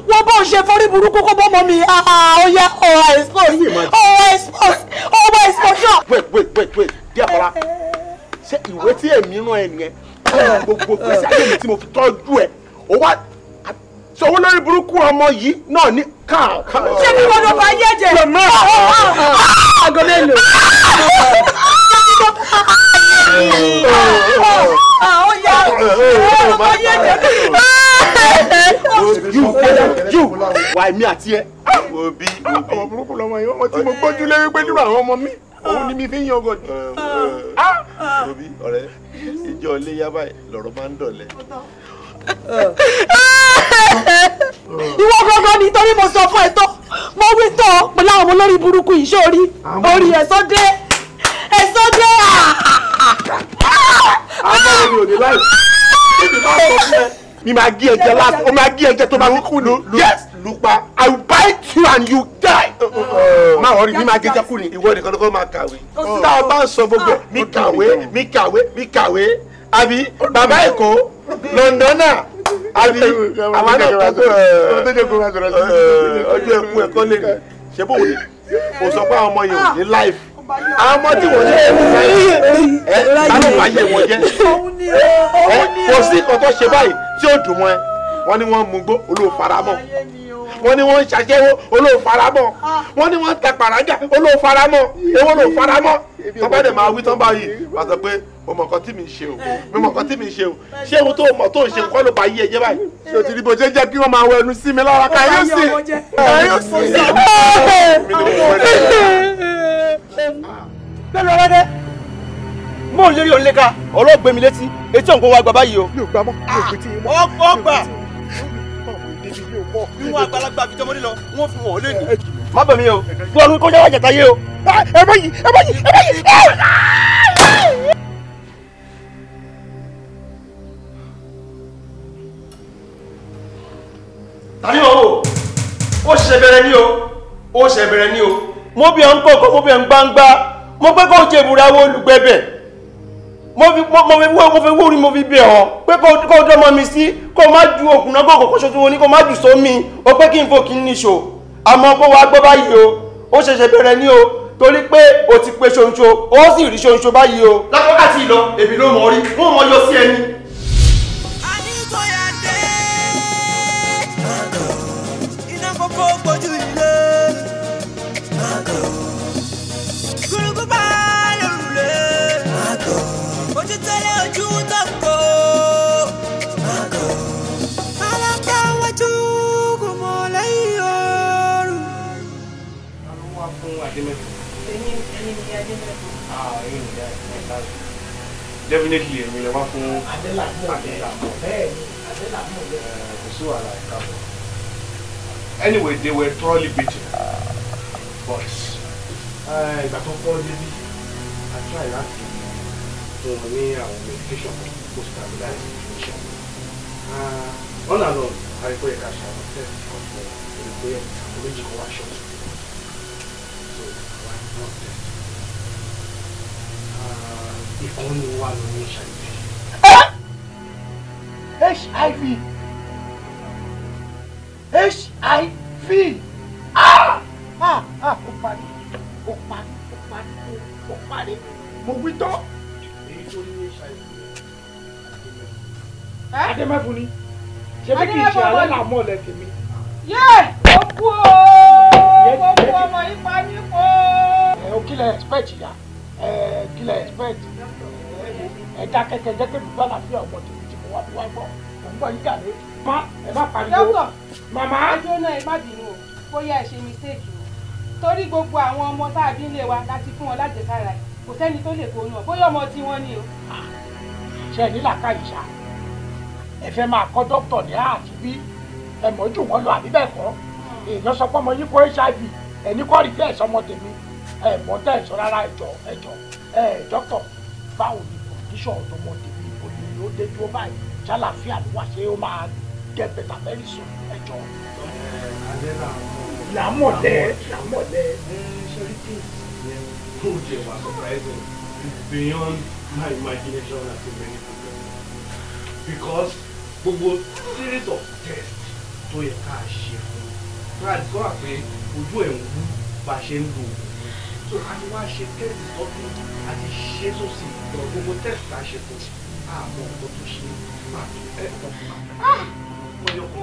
Speaker 4: wọ́n bó ṣe forí burúkú kó bọ́mọ mi ah, ah, ah, ó yẹ ọ̀wà expose ọ̀wà expose ọ̀wà
Speaker 1: exposure. wait wait wait wait díẹ̀ bọ́lá ṣé ìwé tí èmi rán ẹ nìyẹn gbogbo pèsè ayé mi tí mo fi tọ́jú ẹ ó wá so owó lórí burúkú ọmọ yìí náà ní káà.
Speaker 2: ṣé bí wọn lọ bá yé jẹ. lọmọ
Speaker 1: àgọlẹ lò
Speaker 6: àwọn ya ọmọ yẹn jẹ
Speaker 2: you you
Speaker 1: wà mí àti ẹ. òbí òbí ọmọ burúkú lọmọ yìí ọmọ tí mo gbójú lé wípé nínú àwọn ọmọ mi òun ni mi fi ń yan ọgọdì. òbí ọ̀rẹ́ ìjọ ilé yaba lọ̀rọ̀ máa ń dọ̀lẹ́
Speaker 6: ìwọ gbọgbọ
Speaker 2: ni torí mo sọ fún ẹ tó mo wí tán pẹ̀lú àwọn olórí burúkú yìí sórí orí ẹsọ dé ẹsọ dé abẹ́rẹ́ mi ò ní láì èmi máa sọ fún ẹ
Speaker 1: mi máa gé ẹ̀jẹ̀ last o máa gé ẹ̀jẹ̀ tó bá kú ni yes lupa i will bite you and you die. máa wọ́n rí mi máa gé ẹ̀jẹ̀ kú ni ìwọ nìkan ló kọ́ máa kàwé oh. tá a bá ń sọ gbogbo oh. mi kàwé mi kàwé mi kàwé àbí bàbá èkó londona àbí àwọn náà tọ́jú ẹ̀kú ẹ̀kọ́ eh, lè ṣe bó wò ni kò sọ pé àwọn ọmọ yìí ò ní life àwọn ọmọ tí wọ́n jẹ́ ẹ alẹ́ bàyẹ̀ wọ́n jẹ́
Speaker 2: ẹ kò
Speaker 1: sí nǹkan tó ṣe báyìí tí ó dùn wọn ẹ wọ́n ní wọ́n mú gbó olófaramọ́ wọ́n ní wọ́n ń ṣàṣẹ́wó olófaramọ́ wọ́n ní wọ́n ń ta pàrágà olófaramọ́ owó olófaramọ́ tó bá dẹ̀ máa wí tán báyìí wà á sọ pé o mọ̀ nǹkan tí mi ń ṣe o mi mọ̀ nǹkan tí mi ń ṣe o ṣé ohun tó o mọ̀ tó ń ṣe kọ́ ló bá yí ẹjẹ́ báyìí. ṣé o ti jẹ́ kí wọ́n máa wọ sí mi lára ká yóò sì
Speaker 6: òun bẹ́ẹ̀
Speaker 1: lọ́wọ́ dẹ́ mò ń lérí òǹlẹ́ka ọ̀rọ̀ ògbé mi létí etí òǹkó wa gbà báyìí o. mi ò gbà mọ́ mi ò fi ti yín mọ́. ọkọ ah, gbà níwọ̀n àgbàlagbà fi jọmọ́dé lọ wọ́n fi wọ̀n lé ní. má bẹ̀ mí o fún ọdún kọjá wájà táyé o. Ah, ẹ bá yìí ẹ bá
Speaker 6: yìí ẹ bá yìí. Ah! tani o
Speaker 1: o ṣe bẹ̀rẹ̀ ni o o ṣe bẹ̀rẹ̀ ni o mo bí ọ̀n kọ̀ọ̀kan mo bí ọ̀n gbangba mo pé kó jẹ ìbúra wo olùgbẹ́bẹ̀ mo fi wó orí mo fi bẹ̀ ọ́ pé kó dọ́mọ mi sí kó má ju òkun náà kọ̀ọ̀kan kó ṣojú wọn ní kó má jù sómi ó pé kí n fò kí n níṣò àmọ́ kó wá gbọ́ báyìí o ó ṣẹ̀ṣẹ̀ bẹ̀rẹ̀ ní o torí pé o ti pé ṣonṣo ó sì rí ṣonṣo báyìí o. lápá àti ìlọ definitely èmi lè wá fún adélàmọ̀ eh, anyway they were thoroughly beaten but eh, ìgbà tó kọ́ débi i try láti fún wọn ní àwọn medication kò stabilize medication on and on àìpé ẹ̀ka ṣàwọn test ọ̀pọ̀ èrè pé ẹ̀ka méjì kan wá ṣọ́ọ̀tù. ìkànnì wà lórí HIV. HIV HIV ah ah ah ó parí ó parí ó parí ó parí mo wí tán. èyí tó ní HIV ademẹ́fun ni ṣé bí kì í ṣe alálàmọ́ ọ̀lẹ́ tèmi. yé ó kú o ó kú ọmọ yìí pa mí kú o. ẹ o kí lẹ expect ya. Yeah kí lẹ expect ẹ dákẹ́ kẹ́ jẹ́ kí mi gbọ́ láfíà ọmọ tèmi tí mo wá bí wá gbọ́ mo ń gbọ́ yín gàdé má ẹ má pariwo màmá. ẹjọ́ náà ẹ má
Speaker 5: bínú o bóyá ẹ ṣe mistake o torí gbogbo àwọn ọmọ tá a bí nílé wa láti fún wọn lájẹsára ẹ kò sẹ́ni tó lè kóná bóyá ọmọ tí wọ́n ah, ní o.
Speaker 4: ṣe ní làákà ìṣá
Speaker 1: ẹ fẹ́ máa kọ́ dókítà ní àti bí ẹ mọ̀ jù wọ́n lọ àbí bẹ́ẹ̀ kọ́ hmm. èèyàn sọ pé ọmọ yín kó hiv ẹ̀ ní kọ́ rí bẹ́ẹ̀ sọmọ tèmi ẹ mọ̀ tẹ́ ẹ̀ sọ rárá ẹ̀jọ̀ ẹ̀jọ̀ ẹ̀ dọ́kítọ̀ báwo ni kọ̀ǹdíṣọ̀ ọ̀dọ́mọdé mi ìbò ni ó dé dúró báyìí ṣàlàfíà ló wà ṣé ó máa get better very soon ẹ̀jọ̀. làmọ̀lẹ́ làmọ̀lẹ́. surprising beyond my imagination àti many people because gbogbo series of tests tó yẹ ká ṣe fún un láti kọ́ àpé ojú ẹ̀ ń wú bá a ṣe ń lo oògùn so a ti wá ṣe test ọ̀tún a ti ṣe sósì lọ gbogbo test tá a ṣe fún àmọ́ ọ̀tún tó ṣe pàtó ẹ̀ ọ̀tún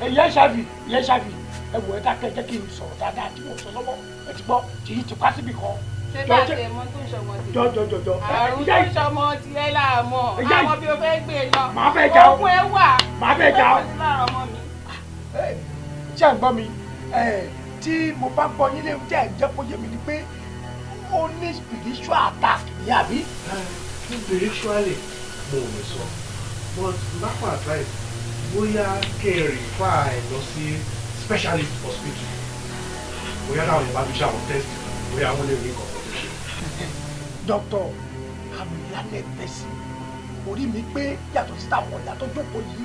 Speaker 1: ẹ̀yẹ ṣàbí ẹ̀yẹ ṣàbí ẹ wọ ẹ dákẹ́ jẹ́ kí n sọ̀rọ̀ dáadáa tí mo sọ lọ́wọ́ ẹ ti gbọ́ tí yìí ti pa síbì kan
Speaker 5: ṣé bá tẹ mọ tó ń ṣọmọ ti jọjọjọjọ àrùn tó ń ṣọmọ ti ẹ là mọ àwọn bí o fẹ́ gbé e lọ màá fẹ́ jà ó òkun ẹ wà màá fẹ́ jà ó
Speaker 1: ṣé ń gbọ́ mi tí mo bá gbọ́ yín lé jẹ́ ẹ̀jẹ̀ kó yé mi ni pé ó ní spiritual attack ní àbí. spiritually mo ò lè sọ but lápá advice bóyá kẹrin fà ẹ lọ sí specialist hospital bóyá táwọn yẹn bá fi ṣe àwọn test bóyá wọn lè rí nǹkan tó ṣe. doctor àmì ìlànà ẹ̀fẹ̀sì orí mi pé yàtọ̀ sí tàwọn ìyá tó jókòó yìí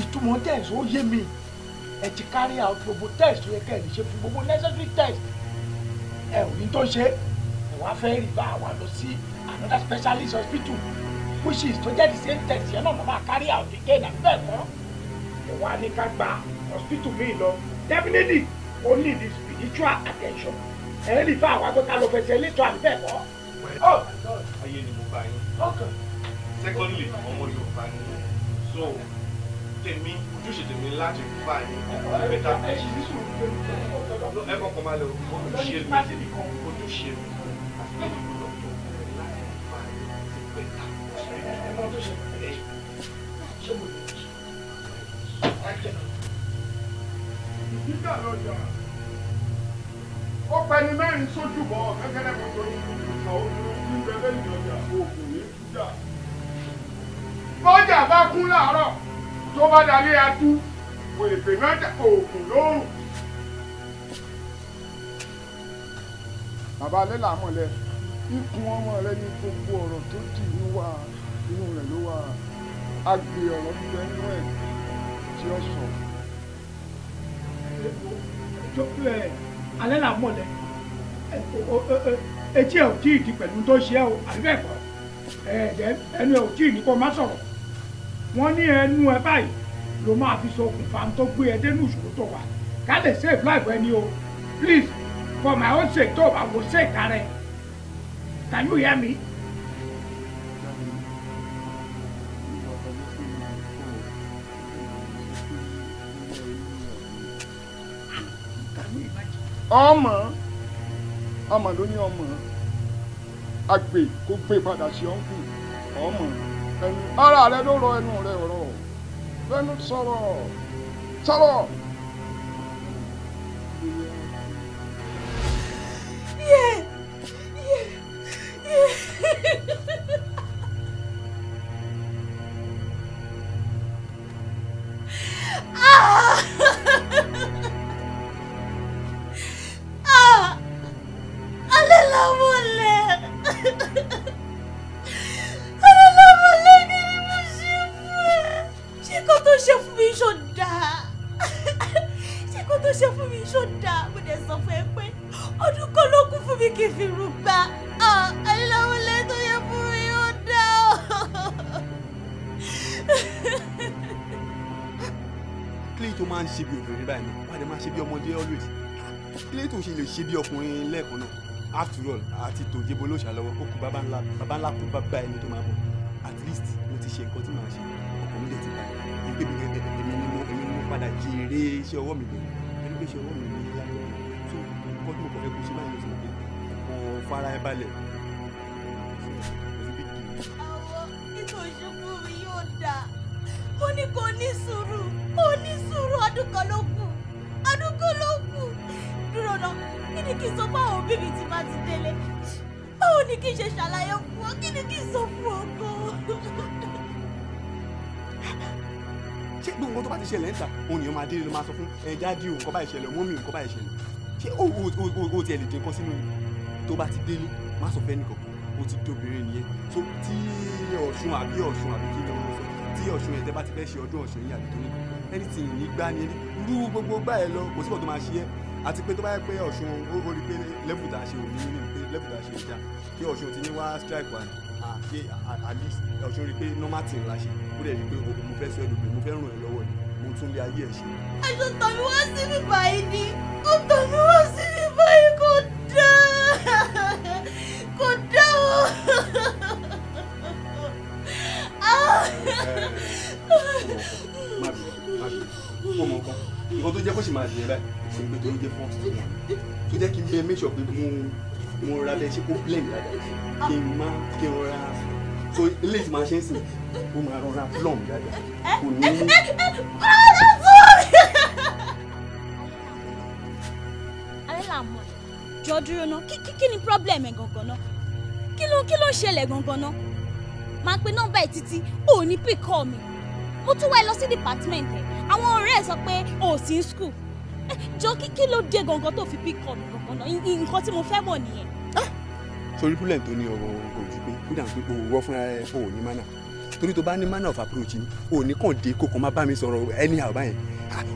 Speaker 1: ìtumọ̀ tẹ̀sán ó yé mi ẹ ti carry out gbogbo test yẹ kẹ́ ẹ lè ṣe fún gbogbo necessary test ẹ ò ní tó ṣe ẹ wá fẹ́ rí bá wa lọ sí another specialist hospital which is tó jẹ́ the same test yẹn náà bàbá carry out again àbí bẹ́ẹ̀ kọ́ ẹ wá ní ká gba hospital míì lọ definitely ó ní the spiritual attention ẹ rí bá wa pé ká lọ fẹsẹ̀ elétò àbí bẹ́ẹ̀ kọ́. Oh ayé ni mo bá yín secondly ọmọ Yorùbá ni so tèmi ojúṣe tèmi láti fa ẹni mẹ́ta ẹ kọ́kọ́ máa lọ ojúṣe mi ojúṣe mi ìdíjà lọ́jà ó pẹni mẹ́rin sójú bọ̀ gẹ́gẹ́rẹ́ gbogbo ìgbà òun ní bẹ́lẹ́ ìjọjà oògùn ní ìdíjà.
Speaker 3: bọ́jà bá kún láàárọ̀ tó bá dalé atú wò èpè náà
Speaker 1: oògùn lóòrùn.
Speaker 6: bàbá
Speaker 3: alẹ́ làá mọ̀lẹ́ ikùn ọmọ rẹ ní gbogbo ọ̀rọ̀ tó dì inú wa inú rẹ̀ ló wà á gbé ọ̀rọ̀ gbígbẹ́ nínú ẹ̀ tí ó sọ.
Speaker 1: alẹ́ làá mọ̀lẹ́ etí ẹ̀ ò tí ì di pẹ̀lú tó ṣe ẹ́ o àbí bẹ́ẹ̀ kọ́ ẹ̀ẹ́dẹ́ ẹnu ẹ̀ ò tí ì ní kó má sọ̀rọ̀ wọ́n ní ẹnu ẹ báyìí ló máa fi ṣokùnfà tó gbé ẹ dénú ìṣòro tó wà ká lè save life ẹni o please for my own sake tó o bá wo sake
Speaker 6: ara ẹ
Speaker 2: can you hear me.
Speaker 1: ọmọ ọmọ ló ní
Speaker 3: ọmọ àgbè kó gbé padà sí ọ̀hún ọmọ ẹ̀yìn ara rẹ ló rọ ẹnu rẹ ọ̀rọ̀ fẹnu sọ̀rọ̀ sọ̀rọ̀.
Speaker 6: Yes.
Speaker 1: kálákú bá bá ẹni tó máa bọ̀ at least mo ti ṣe nǹkan tí màá ṣe ọkọ̀ mi dẹ̀ ti bá mi pé mi èmi ni mo èmi ni mo padà jèrè iṣẹ́ ọwọ́ mi lẹ́yìn ẹni pé iṣẹ́ ọwọ́ mi lẹ́yìn lágbára so nǹkan tí mo kọ̀ fẹ́ kó ṣe báyìí lọ́sọ̀rọ̀ pé mo fara ẹ balẹ̀
Speaker 4: àwọn ìtòṣùkú yóò dà mo ní kò ní sùúrù kò ní sùúrù ọdún kan ló kù ọdún kan ló kù dúró lọ kí ni kí n sọ fún àwọn òbí mi tí màá ti délé báwo ni kí n ṣe ṣàlàyé fún ní kí n sọ fún ọkọ.
Speaker 1: ṣé gbogbo nǹkan tó bá ti ṣẹlẹ̀ ń ta òun nìyẹn máa délé ló o nǹkan bá ìṣẹ̀lẹ̀ mọ́mì nǹkan bá ìṣẹ̀lẹ̀ ṣé o tiẹ̀ lè dín kan sínú ni tó bá ti délé má o ti dóbìnrin nìyẹn tó tí ọ̀ṣun àbí ọ̀ṣun àbí kí ni wọ́n sọ tí ọ̀ṣun yẹn tẹ́ bá ti fẹ́ ṣe ọdún ọ̀ṣun yìí àbí tó nìkan ẹni tí yìnyín gbá ni ẹni rú gbogbo gbá ẹ lọ kò síbọ̀ tó máa ṣe é àti pé tó bá yẹ pé ọ̀ṣun ó rí pé lẹ́fù tá a ṣe òní nínú lẹ́bùdà ṣe dá kí ọ̀ṣun ti ní wá strike wa ṣe at least rí i pé normal thing la ṣe ó dẹ̀ rí i pé o mo fẹ́ sọ ẹ̀dùn pé mo fẹ́ ràn ẹ́ lọ́wọ́ ni mo tún lé ayé ẹ̀ ṣe.
Speaker 6: aṣọ tàbí
Speaker 2: wá sí mi báyìí ni ó tàbí wá sí mi báyìí kò dá kò dá o. kó mọ nǹkan nǹkan
Speaker 1: tó jẹ́ kó sì máa dìé báyìí ṣe pé tó ń jẹ́ fọ́ọ̀sì tó jẹ́ kí n bẹ make pé mo mo rọra bẹ ṣe kó plain dáadáa kí n má kí n rọra so eléyìí tí màá ṣe ń sìn ó máa rọra plum dáadáa kò ní. <laughs>
Speaker 4: jọ dúró ná kí kí ni problem ẹ gangan ná kí ló kí ló ń ṣẹlẹ̀ gangan ná máa pe nọ́mbà ẹ̀ títí ò ní pick up mi mo tún wá ẹ lọ sí department ẹ̀ àwọn ọ̀rẹ́ ẹ̀ sọ pé o ò sí school jọ kí kí ló dé gangan tó fi pick call mi ọ̀nà nǹkan tí mo fẹ́ mọ̀ nìyẹn.
Speaker 1: torí ah! problem tó ní ọ̀rọ̀ ojú pé kódà pé o wọ́ fúnra rẹ o ò ní mánà torí tó bá ní manner of approach ni o ní kàn dé kó kàn má bá mi sọ̀rọ̀ anyhow báyẹn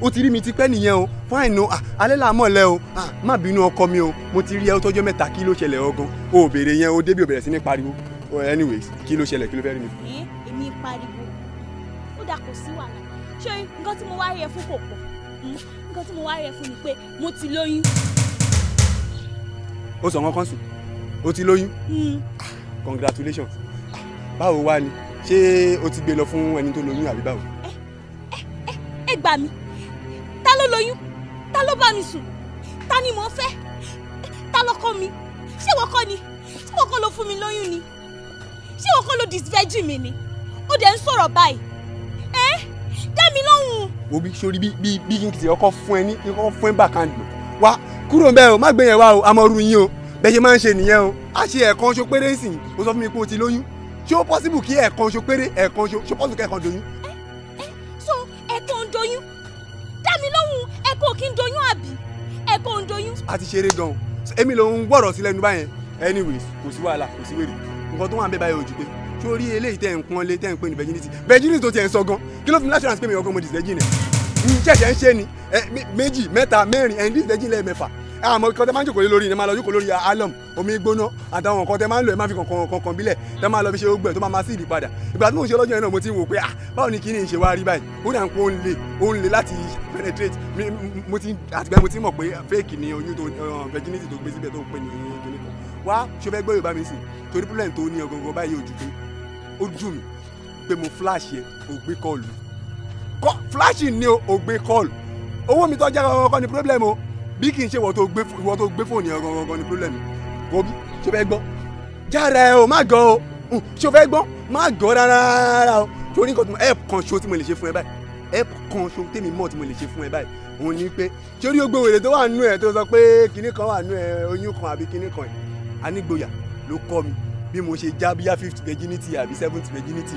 Speaker 1: o ah! ti rí mi tipẹ́ nìyẹn o fine o ah! alẹ́ là á mọ̀ lẹ o má bínú ọkọ mi o mo ti rí ẹ ó tọ́jọ́ mẹ́ta kí ló ṣẹlẹ̀ ọgán o ò béèrè yẹn o débi ò bẹ̀rẹ̀ sí ní pariwo anyways kí ló ṣẹlẹ̀ kí ló fẹ́ rí mi. ẹ
Speaker 4: eh, èmi pariwo ó dà kò sí wàhálà ṣé nǹkan tí mo wá rí fún kò pọ̀ hmm? nǹkan tí mo wá rí fún ni pé mo ti lóyún
Speaker 1: ó sọ wọn kan sùn ó ti lóyún hmm. ah, congratulations ah, báwo wá ni ṣé o ti gbé lọ fún ẹni tó lóyún àbí báwo. Eh,
Speaker 4: eh, eh, ẹ gbà mí ta ló lóyún ta ló bá mi sùn ta ni mo fẹ́ ta lọ́kọ mi ṣé wọ́n kọ́ ni ṣé wọ́n kọ́ ló fún mi lóyún ni ṣé wọ́n kọ́ ló disvirgin mi ni ó dẹ̀ ń sọ̀rọ̀ báyìí ẹ dá mi lóhùn.
Speaker 1: wo bí sori bí bí bí kìtì ọkọ fún ẹ ní ọkọ fún ẹ bá kan lò wá kúrò ń bẹ́ẹ̀ o má gbé yẹn wá o amọ̀rú yín o bẹ́ẹ̀ ṣe máa ń ṣe nìyẹn o a ṣe ẹ̀ẹ̀kan ṣo péré ń o sọ fún mi pé o ti lóyún ṣé ó possible kí ẹ̀ẹ̀kan ṣo péré ẹ̀ẹ̀kan ṣo ṣó possible kẹ́ẹ̀kan doyún.
Speaker 4: so ẹ̀ẹ̀kan doyún dá mi lóhùn ẹ̀ẹ̀kan kì í doyún àbí ẹ̀ẹ̀kan doyún.
Speaker 1: a ti ṣeré gan o èmi ló ń gbọ́dọ̀ sí lẹ́nu báyẹn anyways kò sí wàhálà kò sí wèrè nǹkan tó wà ń bẹ báyìí ojú pé virginity virginity tó tiẹ̀ ń sọ gan mi ọkọ mo ní jẹ̀jẹ̀ ń ṣe ni méjì mẹ́ta mẹ́rin ẹ̀yìn díìsì lẹ́jìn lẹ́ẹ̀mẹ́fà àmọ́ kọ́ tẹ máa ń jòkó lórí ẹ máa lọ jòkó lórí alum omi gbóná àtàwọn nǹkan tẹ máa ń lò ẹ máa fi kankan kankan bílẹ̀ tẹ máa lọ fi ṣe ogbẹ̀ tó máa ma sí ìdí padà ìgbà tí mò ń ṣe lọ́jọ́ yẹn náà mo ti wò pé ah, báwo ni kíni ìṣe wa rí báyìí ó dà ń pé ń le ó ń le láti penetrate mo ti àtìgbà mo ti mọ̀ pé fake ni oyún tó uh, virginity tó gbé síbẹ̀ tó pè ní kíní kan wá ṣe fẹ́ gbọ́ Yorùbá mi sìn torí problem tó ní ọgọgọ báyìí ojú pé ó dùn mí pé mo flash yẹ ògbé kọlù flash ni o gbé call owó mi tó jẹ́ gangan kan ni problem o bí kì í ṣe ìwọ tó gbé fóònù yẹn gangan kan ni problem kò bí ṣe fẹ́ gbọ́ jára ẹ o má gọ o ṣe fẹ́ gbọ́ má gọ rárá o torí nǹkan tí mo help kan ṣo tí mo lè ṣe fún ẹ báyìí help kan ṣo tèmi mọ̀ tí mo lè ṣe fún ẹ báyìí òun ni pé torí o gbé wèrè tó wà nù ẹ tó sọ pé kinní kan wà nù ẹ oyún kan àbí kinní kan ẹ anígboyà ló kọ́ mi bí mo ṣe já bíyá fifty virginity àbí seventy virginity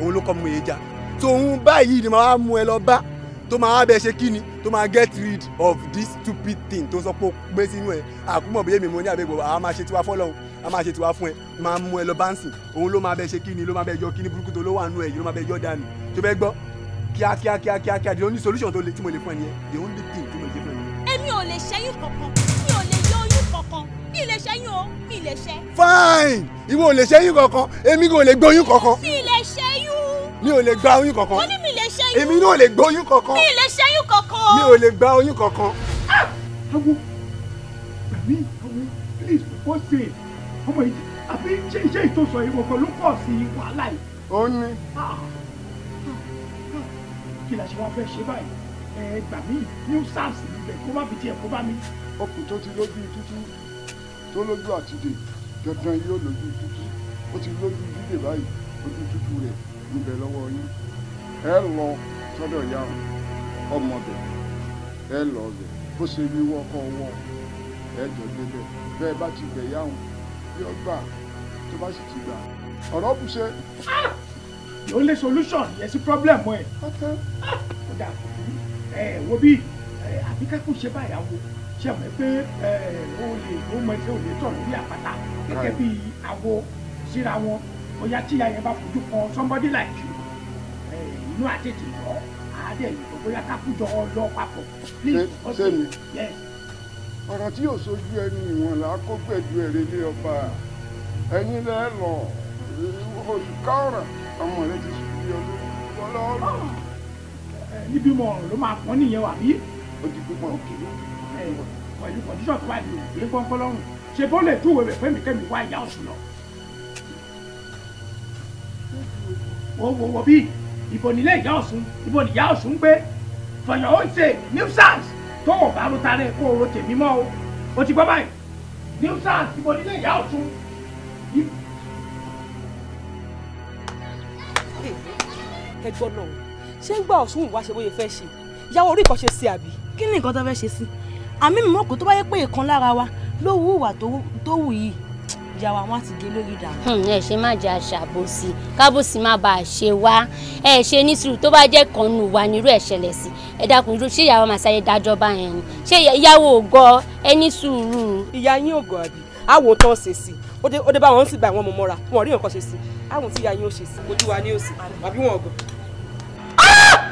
Speaker 1: òun ló kọ́ mi mo yẹ já tòun báyìí ni màá mú ẹ lọ bá tó máa bẹ ṣe kí ni tó máa get rid of this stupid thing tó sọ pé ó gbé sínú ẹ àkúmọ̀ bóyá èmi mo ní àbẹ̀gbọ̀ àá máa ṣe tiwa fọlọ́hún àá máa ṣe tiwa fún ẹ máa mú ẹ lọ báǹsì òun ló máa bẹ ṣe kí ni ló máa bẹ yọ kí ni burúkú tó ló wà nù ẹ yìí ló máa bẹ yọ dànù tó bẹ gbọ́ kíákíá kíákíá kíá the only solution tó le tí mo lè fún ẹ nìyẹn the only thing
Speaker 4: tí mo lè ṣe fún ẹ nìyẹn. èmi ò lè ṣẹ́yún kankan mi ò lè yọ oyún kankan mi lè ṣẹ́yún o mi lè ṣẹ́.
Speaker 1: fine ìwọ ò lè ṣẹ́yún kankan èmi kò lè gbóyún kankan.
Speaker 4: mi lè ṣẹ́yún
Speaker 1: mi ò lè gba oyún kankan. wọ́n ní
Speaker 4: mi lè ṣẹ́yún. èmi náà lè gba oyún kankan. mi lè ṣẹ́yún kankan. mi ò lè
Speaker 1: gba oyún kankan. Ah! awo
Speaker 4: àbí àwọn please
Speaker 1: wọ́n ṣe ọmọ yìí àbí ṣé iṣẹ́ ìtòsọ ìwọ̀n kan ló pọ̀ sí wàhálà yìí. ó ní. Ah, ah, kí la ṣe wá fẹ́ ṣe báyìí ẹ gbà mí new sars níbẹ̀ kó má fi tiẹ̀ kó bá mi. ọkùnrin tó ti lójú tútù tó lójú
Speaker 3: àtidè dandan yóò lójú tútù ó ti lójú dídè báyìí ojú tútù rẹ̀ ń lọ́wọ́ yín ẹ lọ sọ́dọ̀ ya ọmọbẹ̀ ẹ lọ bẹ̀ bó ṣe wí wọ́kọ́ wọ́ ẹ jọ débẹ̀ bẹ́ẹ̀ bá ti bẹ̀ yáhùn bí gbà tó bá sì ti gbà ọ̀rọ̀ bù ṣe.
Speaker 1: the ah! only solution yẹ sí problem ẹ. ó dà ẹ wo bí àbí ká kò ṣe báyà wo ṣe mọ̀ pé ó lè ó mọ̀ ṣe ò lè tọ̀ lórí àpáta gẹ́gẹ́ bí àwo síra wọn bóyá tíya yẹn bá fojú kan somebody like you eh, inú àtètè lọ àádẹ́ ìlú bóyá kákújọ lọ papọ̀
Speaker 3: please ọ̀sẹ̀ yes. ọ̀rọ̀ tí yóò sojú ẹni ìwọ̀n là á kó gbẹ̀dú ẹ̀rẹ́ ní ọba ẹ̀yin lẹ́ lọ oṣù kárọ̀ ọmọ
Speaker 1: rẹ ti sùn yọ
Speaker 3: lọ́wọ́. Ah, eh,
Speaker 1: níbi mọ̀ ló máa pọ́n nìyẹn wà bí. ó ti gbé pọ́n òkè pẹ̀lú kọ̀díṣọ̀ tó wà ní òkè gbọ́ngbọ́n lọ́rùn ṣe bó lè túwèé rẹ̀ fẹ́mi kẹ́mi wá ìyá ọ̀sùn lọ. wò wò wò bí ìbò nílé ìyá ọ̀sùn ìbò níyà ọ̀sùn gbé for your own sake new sars tó o bá ro tarẹ kó o ro tèmi mọ́ o o ti gbọ́ báyìí new sars ìbò nílé ìyá ọ̀sùn.
Speaker 4: ẹ gbọ́ náà ṣé ń gbà ọ̀sùn ìwà ṣe bóyá fẹ́ ṣe ìyàwó orí kan ṣe sí àbí. kí ni nǹkan tó fẹ́ ṣe sí àmì mi mọ̀ tó bá yẹ pé ìkan lára wa ló wù ìwà tó wù yìí ìjà wa wọn ti gé lórí ìdààmú. Hmm, ẹ ṣe má jẹ àṣàbòsí kábòsí má bàa ṣe wá ẹ ṣe ní sùúrù tó bá jẹ́ kànnù wa nírú ẹ̀ sí ẹ dákun irú ṣé ìyàwó màsáyé dájọ́ bá yẹn ni ṣé ìyàwó ò ẹ ní sùúrù. ìyá yín ò àbí àwọn
Speaker 7: tó ṣe sí ó dé bá wọn sì gba àwọn ọmọ mọ́ra wọn rí nǹkan ṣe sí àwọn tí ìyá yín ó ṣe sí ojú wa ni ó
Speaker 1: sì àbí wọn ọgàn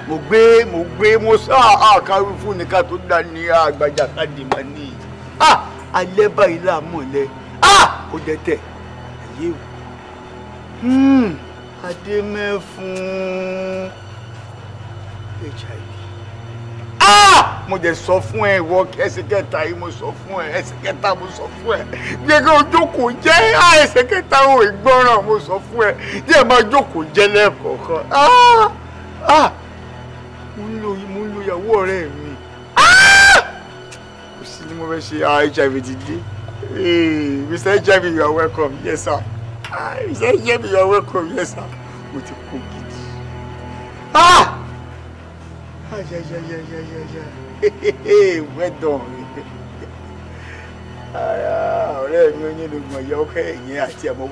Speaker 1: mo gbé mo gbé mo sá àkàrú fún nìkan tó dá ní àgbàjà káàdì ní alẹ́ báyìí láàmú lẹ Ah! ó jẹ tẹ ayé o hmm. adémẹ́fún hiv ah! mo jẹ sọ fún ẹ ìwọ ẹsẹ̀ kẹta yìí mo sọ fún ẹ ẹsẹ̀ kẹta mo sọ fún ẹ jẹ kí o jókòó jẹ ẹsẹ̀ kẹta o ìgbọràn mo sọ fún ẹ jẹ máa jókòó jẹ lẹ́ẹ̀kọ̀ọ̀kan ah! mo ń lo mo ń lo ìyàwó ọ̀rẹ́ mi kò sí ni mo fẹ́ ṣe hiv ti dé. Mr. Jemmy, you are welcome. Yes, sir. Ah, Mr. Jemmy, you are welcome. Yes, sir. Mo ti kú gidi. Ah! Yeah, yeah, yeah, yeah, yeah. ay, hey, Hey, well done. Ah, ọ̀rẹ́ mi ò ní lùgbọ̀n ìyá ọkẹ́ ẹ̀yìn àti ẹ̀mọ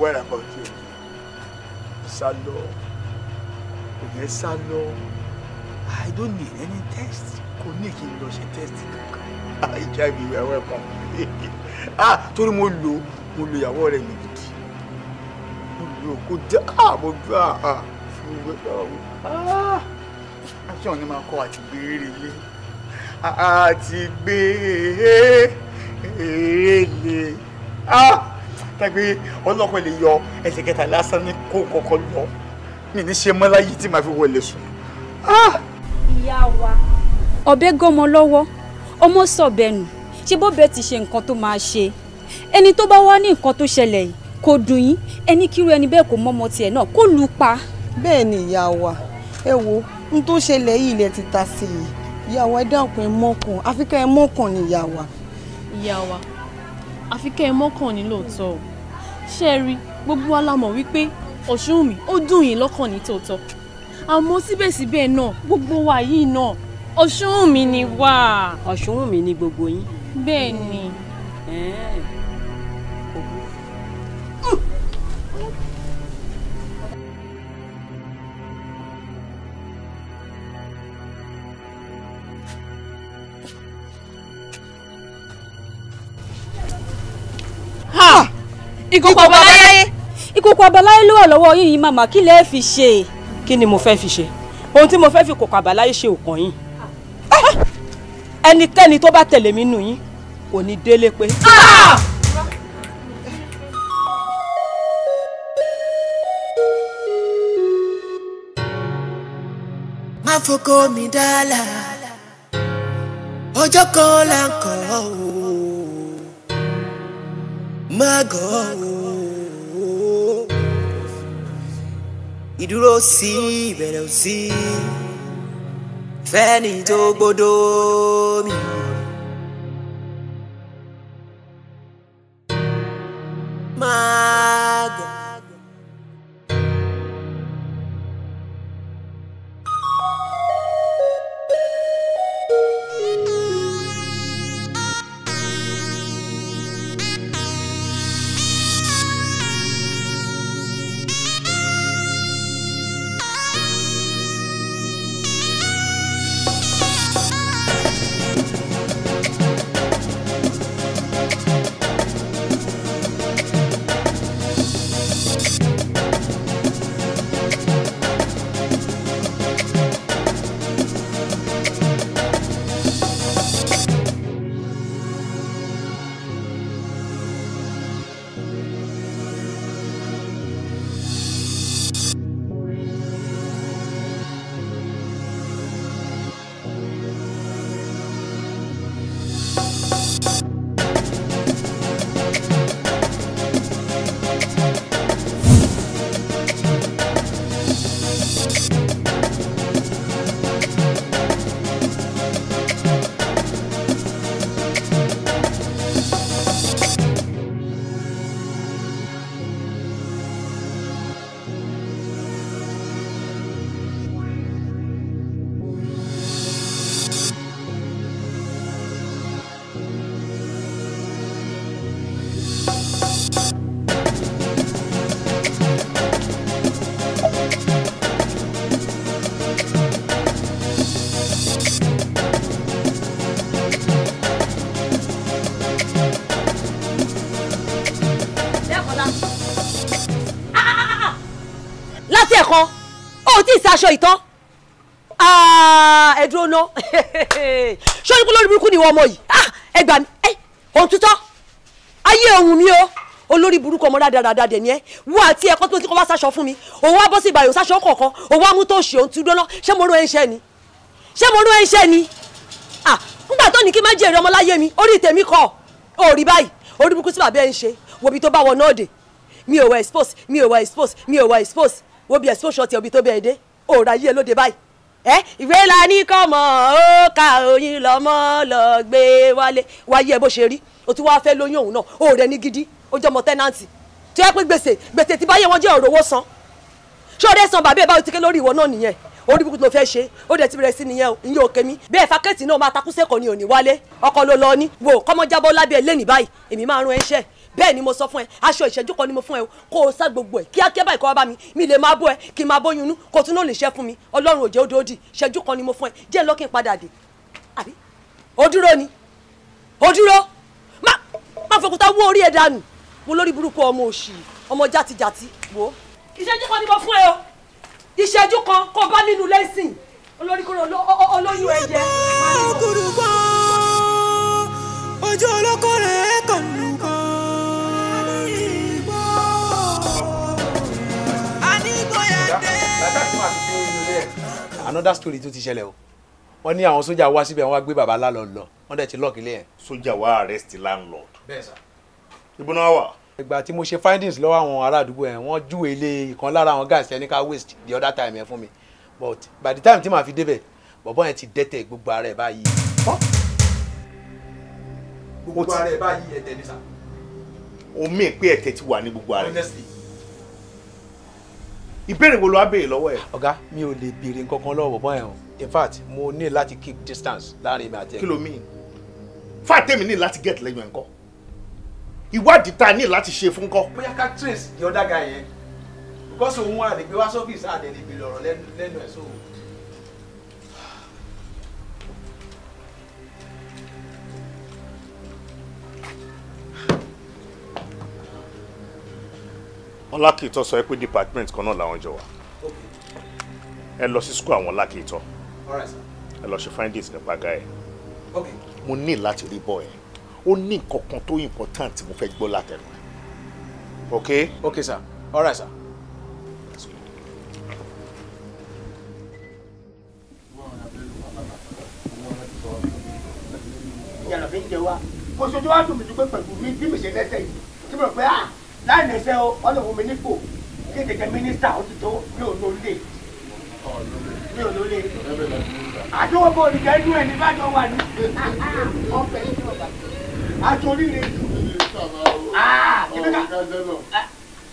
Speaker 1: I don't need any test. I don't need any test kankan. Ay, Jemmy, welcome. <laughs> ah torí mo lò mo lò ìyàwó rẹ̀ gidigidi mo lò kó jẹ́ ah mo gbé ah, ah fún mi ah, ah àti ọ̀nà máa kọ́ àti gbére lé ah, àti gbére lé ah tàbí ọlọ́kọ̀ lè yọ ẹsẹ̀ kẹta lásán ní kó kọ́kọ́ lọ mi ní ṣe mọ́lá yìí tí màá fi wọlé sùn.
Speaker 4: ìyá wa ọ̀bẹ gọmọ lọ́wọ́ ọmọ sọ̀bẹ nù ṣé bọ́bẹ̀ ti ṣe nǹkan tó máa ṣe ẹni tó bá wá ní nǹkan tó ṣẹlẹ̀ yìí kò dùn yín ẹni kíru ẹni bẹ́ẹ̀ kò mọ́mọ́ tiẹ̀ náà kó lù ú pa. bẹ́ẹ̀ ni ìyá wa ẹ wo n tó ṣẹlẹ̀ yìí ilẹ̀ ti ta sí i ìyá wa ẹ dákun ẹ mọ́kàn àfikẹ́ ẹ mọ́kàn ni ìyá wa.
Speaker 5: ìyá wa àfikẹ́ ẹ mọ́kàn ni lóòótọ́ o ṣé ẹ rí gbogbo wa la mọ̀ wípé ọ̀ṣun mi ó dùn yín lọ́kàn ní tòótọ́ àmọ́ síbẹ̀síbẹ̀ náà gbogbo wa yìí náà ọ̀ṣun mi ni wá. ọ̀ṣun mi ni gbogbo yín bẹ́ẹ̀
Speaker 4: Ha! ìkòkò àbáláyé ìkòkò àbáláyé ló wà lọ́wọ́ yín yìí màmá kí fi ṣe. kí mo fẹ́ fi ṣe ohun tí mo fẹ́ fi kòkò àbáláyé ṣe ò kàn ẹnikẹ́ni tó bá tẹ̀lé mi nù yín kò ní délé pé. Ah!
Speaker 2: má foko mi dálà ọjọ́ kan là ń kọ́ ọ́ má gọ́ ọ́ ìdúró sí ìbẹ̀rẹ̀ sí i fẹ́ni tó gbódó
Speaker 6: mi. máa.
Speaker 4: lọ ìtàn ah, ẹ dúró ná sọ́ni kú lórí burúkú ni ìwọ ọmọ yìí ah, ẹ gbà mí ẹ òun títọ́ ayé òun mi o olórí burúkú ọmọ rádaràdà dẹ̀ ni ẹ wú àti ẹ̀kọ́ tó ti kọ́ wá sáṣọ fún mi òun wá bọ́ sí ìbàyò sáṣọ kọ̀ọ̀kan
Speaker 5: òun wá mú tó ṣe òun ti dúró ná ṣé mo rú ẹ ń ṣe ni ṣé mo rú ẹ ń ṣe ni nígbà ah, tó ní kí n má jèrè ọmọ láyé mi orí tèmi kọ òòrí báyìí orí burúkú sí bàbá ẹ ń ṣe wo ibi tó bá wọ náà dé mi ò wá expose mi ò wá expose mi ò wá expose wo bí expose ọtí ọbí tó bẹ́ẹ̀
Speaker 4: dé òòrà yìí lóde báyìí ìwé la ní kọ́ mọ̀ ó ka oyin lọ́mọ lọ gbé wálé wáyé ẹ bó ṣe rí o ti wá fẹ́ lóyún òun náà ó rẹ ní gidi ó jẹ́ ọmọ tẹ́nàntì tó yẹ pé gbèsè gbèsè ti báyé wọn jẹ́ òrówó san ṣọ́ọ́dẹ́ san bàbá ẹ̀ báwo ti ké lórí ìwọ náà nìyẹn orí búkú ló fẹ́ ṣe ó dẹ̀ ti bẹ̀rẹ̀ sí nìyẹn ìyẹn òkè mi bẹ́ẹ̀ fákẹ́tì náà máa takú sẹ́kọ̀ọ́ ni òní wálé ọkọ ló lọ ní wò kọ́mọ jábọ́ lábẹ́ ẹ̀ lẹ́nìí báyìí èmi máa rún ẹ̀ ṣẹ́ bẹ́ẹ̀ ni mo sọ fún ẹ aṣọ ìṣẹ́jú kan ni mo fún ẹ kó o sá gbogbo ẹ kíákíá báyìí kó bá mi mi lè máa bó ẹ kí n máa bóyún inú kó tún náà lè ṣẹ́ fún mi ọlọ́run òjò òdòdì ìṣẹ́jú kan ni mo fún ẹ jẹ́ lọ́kìn padà dé àbí ó ni ó má má fòkúta wó orí ẹ dànù mo lórí burúkú ọmọ òṣì ọmọ játijàti wò.
Speaker 5: ìṣẹ́jú kan ni mo fún ẹ o ìṣẹ́jú
Speaker 4: kan kó bá nínú lẹ́sìn olórí kúrò olóyún ẹ̀jẹ̀. ojú olóko rẹ̀ kàn lù kàn.
Speaker 1: another story tó ti ṣẹlẹ̀ o wọ́n ní àwọn sójà wá síbẹ̀ wọ́n wá gbé bàbá landlord lọ wọ́n dẹ̀ ti lock ilé yẹn. sójà wá arrest landlord. bẹ́ẹ̀ sà. ibo náà wà. ìgbà tí mo ṣe findings lọ́wọ́ àwọn ará àdúgbò yẹn wọ́n júwe ilé ìkan lára àwọn guys yẹn ká waste the other time yẹn fún mi but by the time tí màá fi débẹ̀ bọ̀bọ́ yẹn ti dẹ́tẹ̀ gbogbo ara ẹ̀ báyìí. gbogbo ara ẹ̀ báyìí ẹ̀tẹ̀ ni sà. omi ìpè ẹ̀tẹ̀ ti wà ní gbogbo ara ẹ̀. honestly ìbéèrè wo ló wá béèrè lọ́wọ́ ẹ̀. ọ̀gá mi ò lè béèrè nǹkan lọ́wọ́ bọ́ọ̀ ẹ̀ o in fact mo ní láti keep distance láàrin mi àti ẹ̀. kí ló mean fàtẹ́mi ní láti get lẹ́yìn ẹ̀ńkọ́ ìwádìí tá a ní láti ṣe fún kọ́. bóyá ká trace the other guy yẹn because òun wà lè gbé wá sọ́fíìsì àdẹ̀lẹ̀ ìbílẹ̀ ọ̀rọ̀ lẹ́nu ẹ̀ sóhùn. Ọlákìtọ́ sọ pé department kan náà làwọn jọ wà ẹ lọ sí school àwọn Ọlákìtọ́ ẹ lọ ṣe findings nípa guy ẹ mo ní láti rí bọ́ ẹ ó ní nǹkan kan tó important mo fẹ́ gbọ́ látẹnu ẹ ok. ok sir all right sir. ìyàrá fi ń jẹ wá kó sojú wa dùn mí dúpẹ́ pẹ̀lú mi bí mi ṣe lẹ́sẹ̀ yìí tí mo rò pé ah láì lẹ́sẹ̀ o wọ́n lè wọ́n mi nípò kí kẹ̀kẹ́ mínísítà ó ti tó mi ò lólè mi ò lólè àdúgbò bò ní kẹ́nu ẹ̀
Speaker 2: ní bàjọ́ wà ní
Speaker 1: ọ̀fẹ́ àtòrí rẹ̀ jù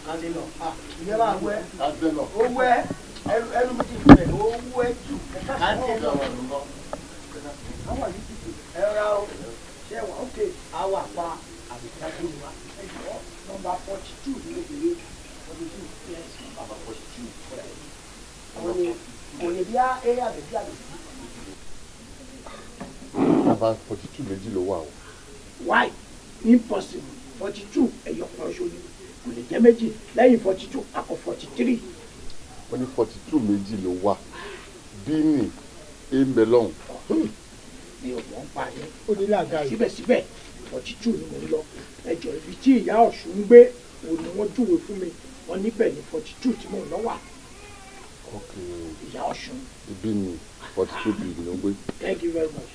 Speaker 1: kàdélọ̀ ìyẹn bá wẹ́ ó wẹ́ ẹnu mi ti fẹ̀ ó wẹ́ jù kàdélọ̀ àwọn yìí ti fẹ̀ ẹ ra ọ àbíkájú wa number forty ní ìdílé forty yes number forty two òye òye bí a yà
Speaker 3: number forty méjì ló wà o.
Speaker 1: why impossible 42 two ẹ̀yọ̀ kan ṣo ni kò lè jẹ́ méjì lẹ́yìn forty two akọ forty three.
Speaker 3: wọ́n ní forty two méjì ló wà bíní emelon. Hmm.
Speaker 1: mi ò mọ̀ ń parí. ó ní láàgá yìí. síbẹ̀síbẹ̀ forty two ni lọ ẹjọ́ ibi tí ìyá ọ̀ṣun ń gbé òun ni wọ́n júwe fún mi wọ́n níbẹ̀ ní forty two tí mò ń lọ wà. ìyá ọ̀ṣun.
Speaker 3: ibi ni forty two bíi ló gbé.
Speaker 1: thank you very much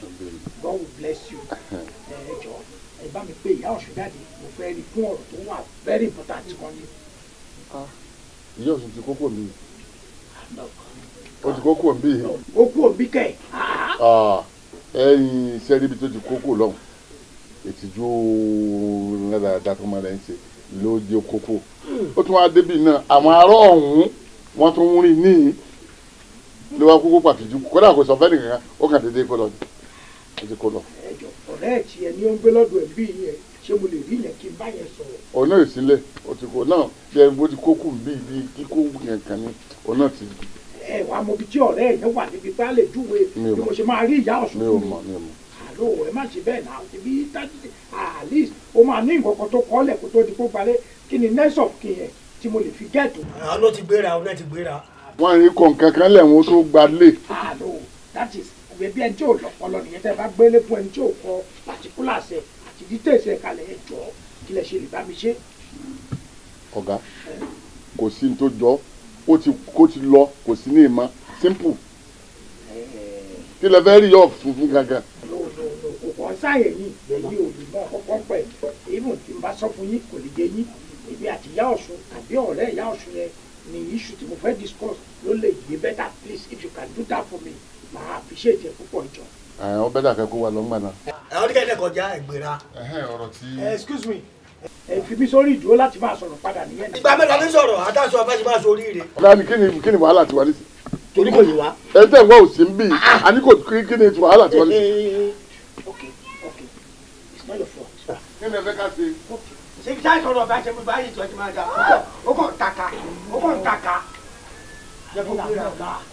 Speaker 1: God will bless you <laughs> ẹjọ́ ẹ bá mi pé ìyá ọ̀ṣun jáde mo fẹ́ rí fún ọ̀rọ̀ tó wà very important kan ni.
Speaker 3: ìyá ọ̀ṣun ti kókó mi ó ti kókó mi. ó kú òbí kẹ́ ah, ẹ̀. ẹyin sẹ́ríbi tó ti kókó lọ́hùn ètìjú ńláradá tó máa ń ṣe ló jẹ kókó hmm. ó tún wá débi náà àwọn ará ọ̀hún wọ́n tún ń rìn níyì ló wá kókó pàtìjú kódà kò sọ fẹ́ẹ́ nìkan ó kàn déédéé kó lọ ó ti kó lọ.
Speaker 1: ọ̀rẹ́ ẹ̀ tiẹ̀ ni ó ń gbé lọ́dọ̀ ẹ̀ bí yẹn ṣé mo lè rí yẹn kí n bá yẹn sọ̀rọ̀. òun náà
Speaker 3: sílẹ̀ ó ti kó náà bí ẹni bó ti kó bí ibi kíkó yẹn kan ni òun náà ti. ẹ wàá mọ ibi tí ọ̀rẹ́ ẹ̀ yẹn wà níbi bá lè júwe bí mo ṣe máa rí ìyá ọ̀ṣun. mi ò mọ mi ò mọ no
Speaker 1: ẹ má ṣe bẹ́ẹ̀ náà ti bí dájúdé at least o máa ní nǹkan kan tó kọ́ lẹ̀ kó tó di kó gbalẹ̀ kí ni next of kin yẹn tí mo lè fi gẹ́ẹ̀tù. àwọn ah, ló ti gbéra àwọn náà ti gbéra.
Speaker 3: wọn ní kò nǹkan kan lẹ̀ wọ́n tó gbalẹ̀.
Speaker 1: ah no that is ẹgbẹ́ bí ẹni tí ò lọ́pọlọ nìyẹn tẹ́ bá gbélé fún ẹni tí ò kọ particulars ẹ̀ àti details ẹ̀ kalẹ̀ ẹ̀ jọ kí lẹ ṣe lè bá mi ṣe.
Speaker 3: ọ̀gá kò sí ní tó jọ ó ti kó ti lọ kò sí ní ìmọ̀ simple kí lẹ fẹ́ rí yọ̀ funfun gangan
Speaker 1: sáyẹ yìí èyí ò lè mọ kọkọ pẹ tí bá sọ fún yín kò lè yé yín èmi àti ìyá ọ̀ṣun àbí ọ̀rẹ́ ìyá ọ̀ṣun yẹn ni issue tí mo fẹ́ discuss ló lè yé better please if you can do that for me màá appreciate ẹ púpọ̀ ìjọ.
Speaker 3: ẹ ọ bẹ dà kẹkọọ wa lọ náà.
Speaker 1: ẹ ọ ní kẹ́kẹ́ kọjá ẹgbẹ́ra. ọ̀rọ̀ tí. excuse me ẹ fi mi sórí ìdúró láti máa sọ̀rọ̀ padà nìyẹn. ìgbà mẹ́ta ní sọ̀rọ̀ àtàṣọ abáṣe máa sọ oríire.
Speaker 3: láàrin ni kí ni wàhálà tiwa ní. torí kò yé wa. ẹ tẹ́ wọ́n ò sí ń bì í a ní kò kí ni <laughs> kí ni ẹ fẹ́ ká ṣe. ṣé kí sáà sọ̀rọ̀ bá ṣe mú
Speaker 1: báyìí ìtọ́jú máa dà ó kàn kàkà ó kàn kàkà.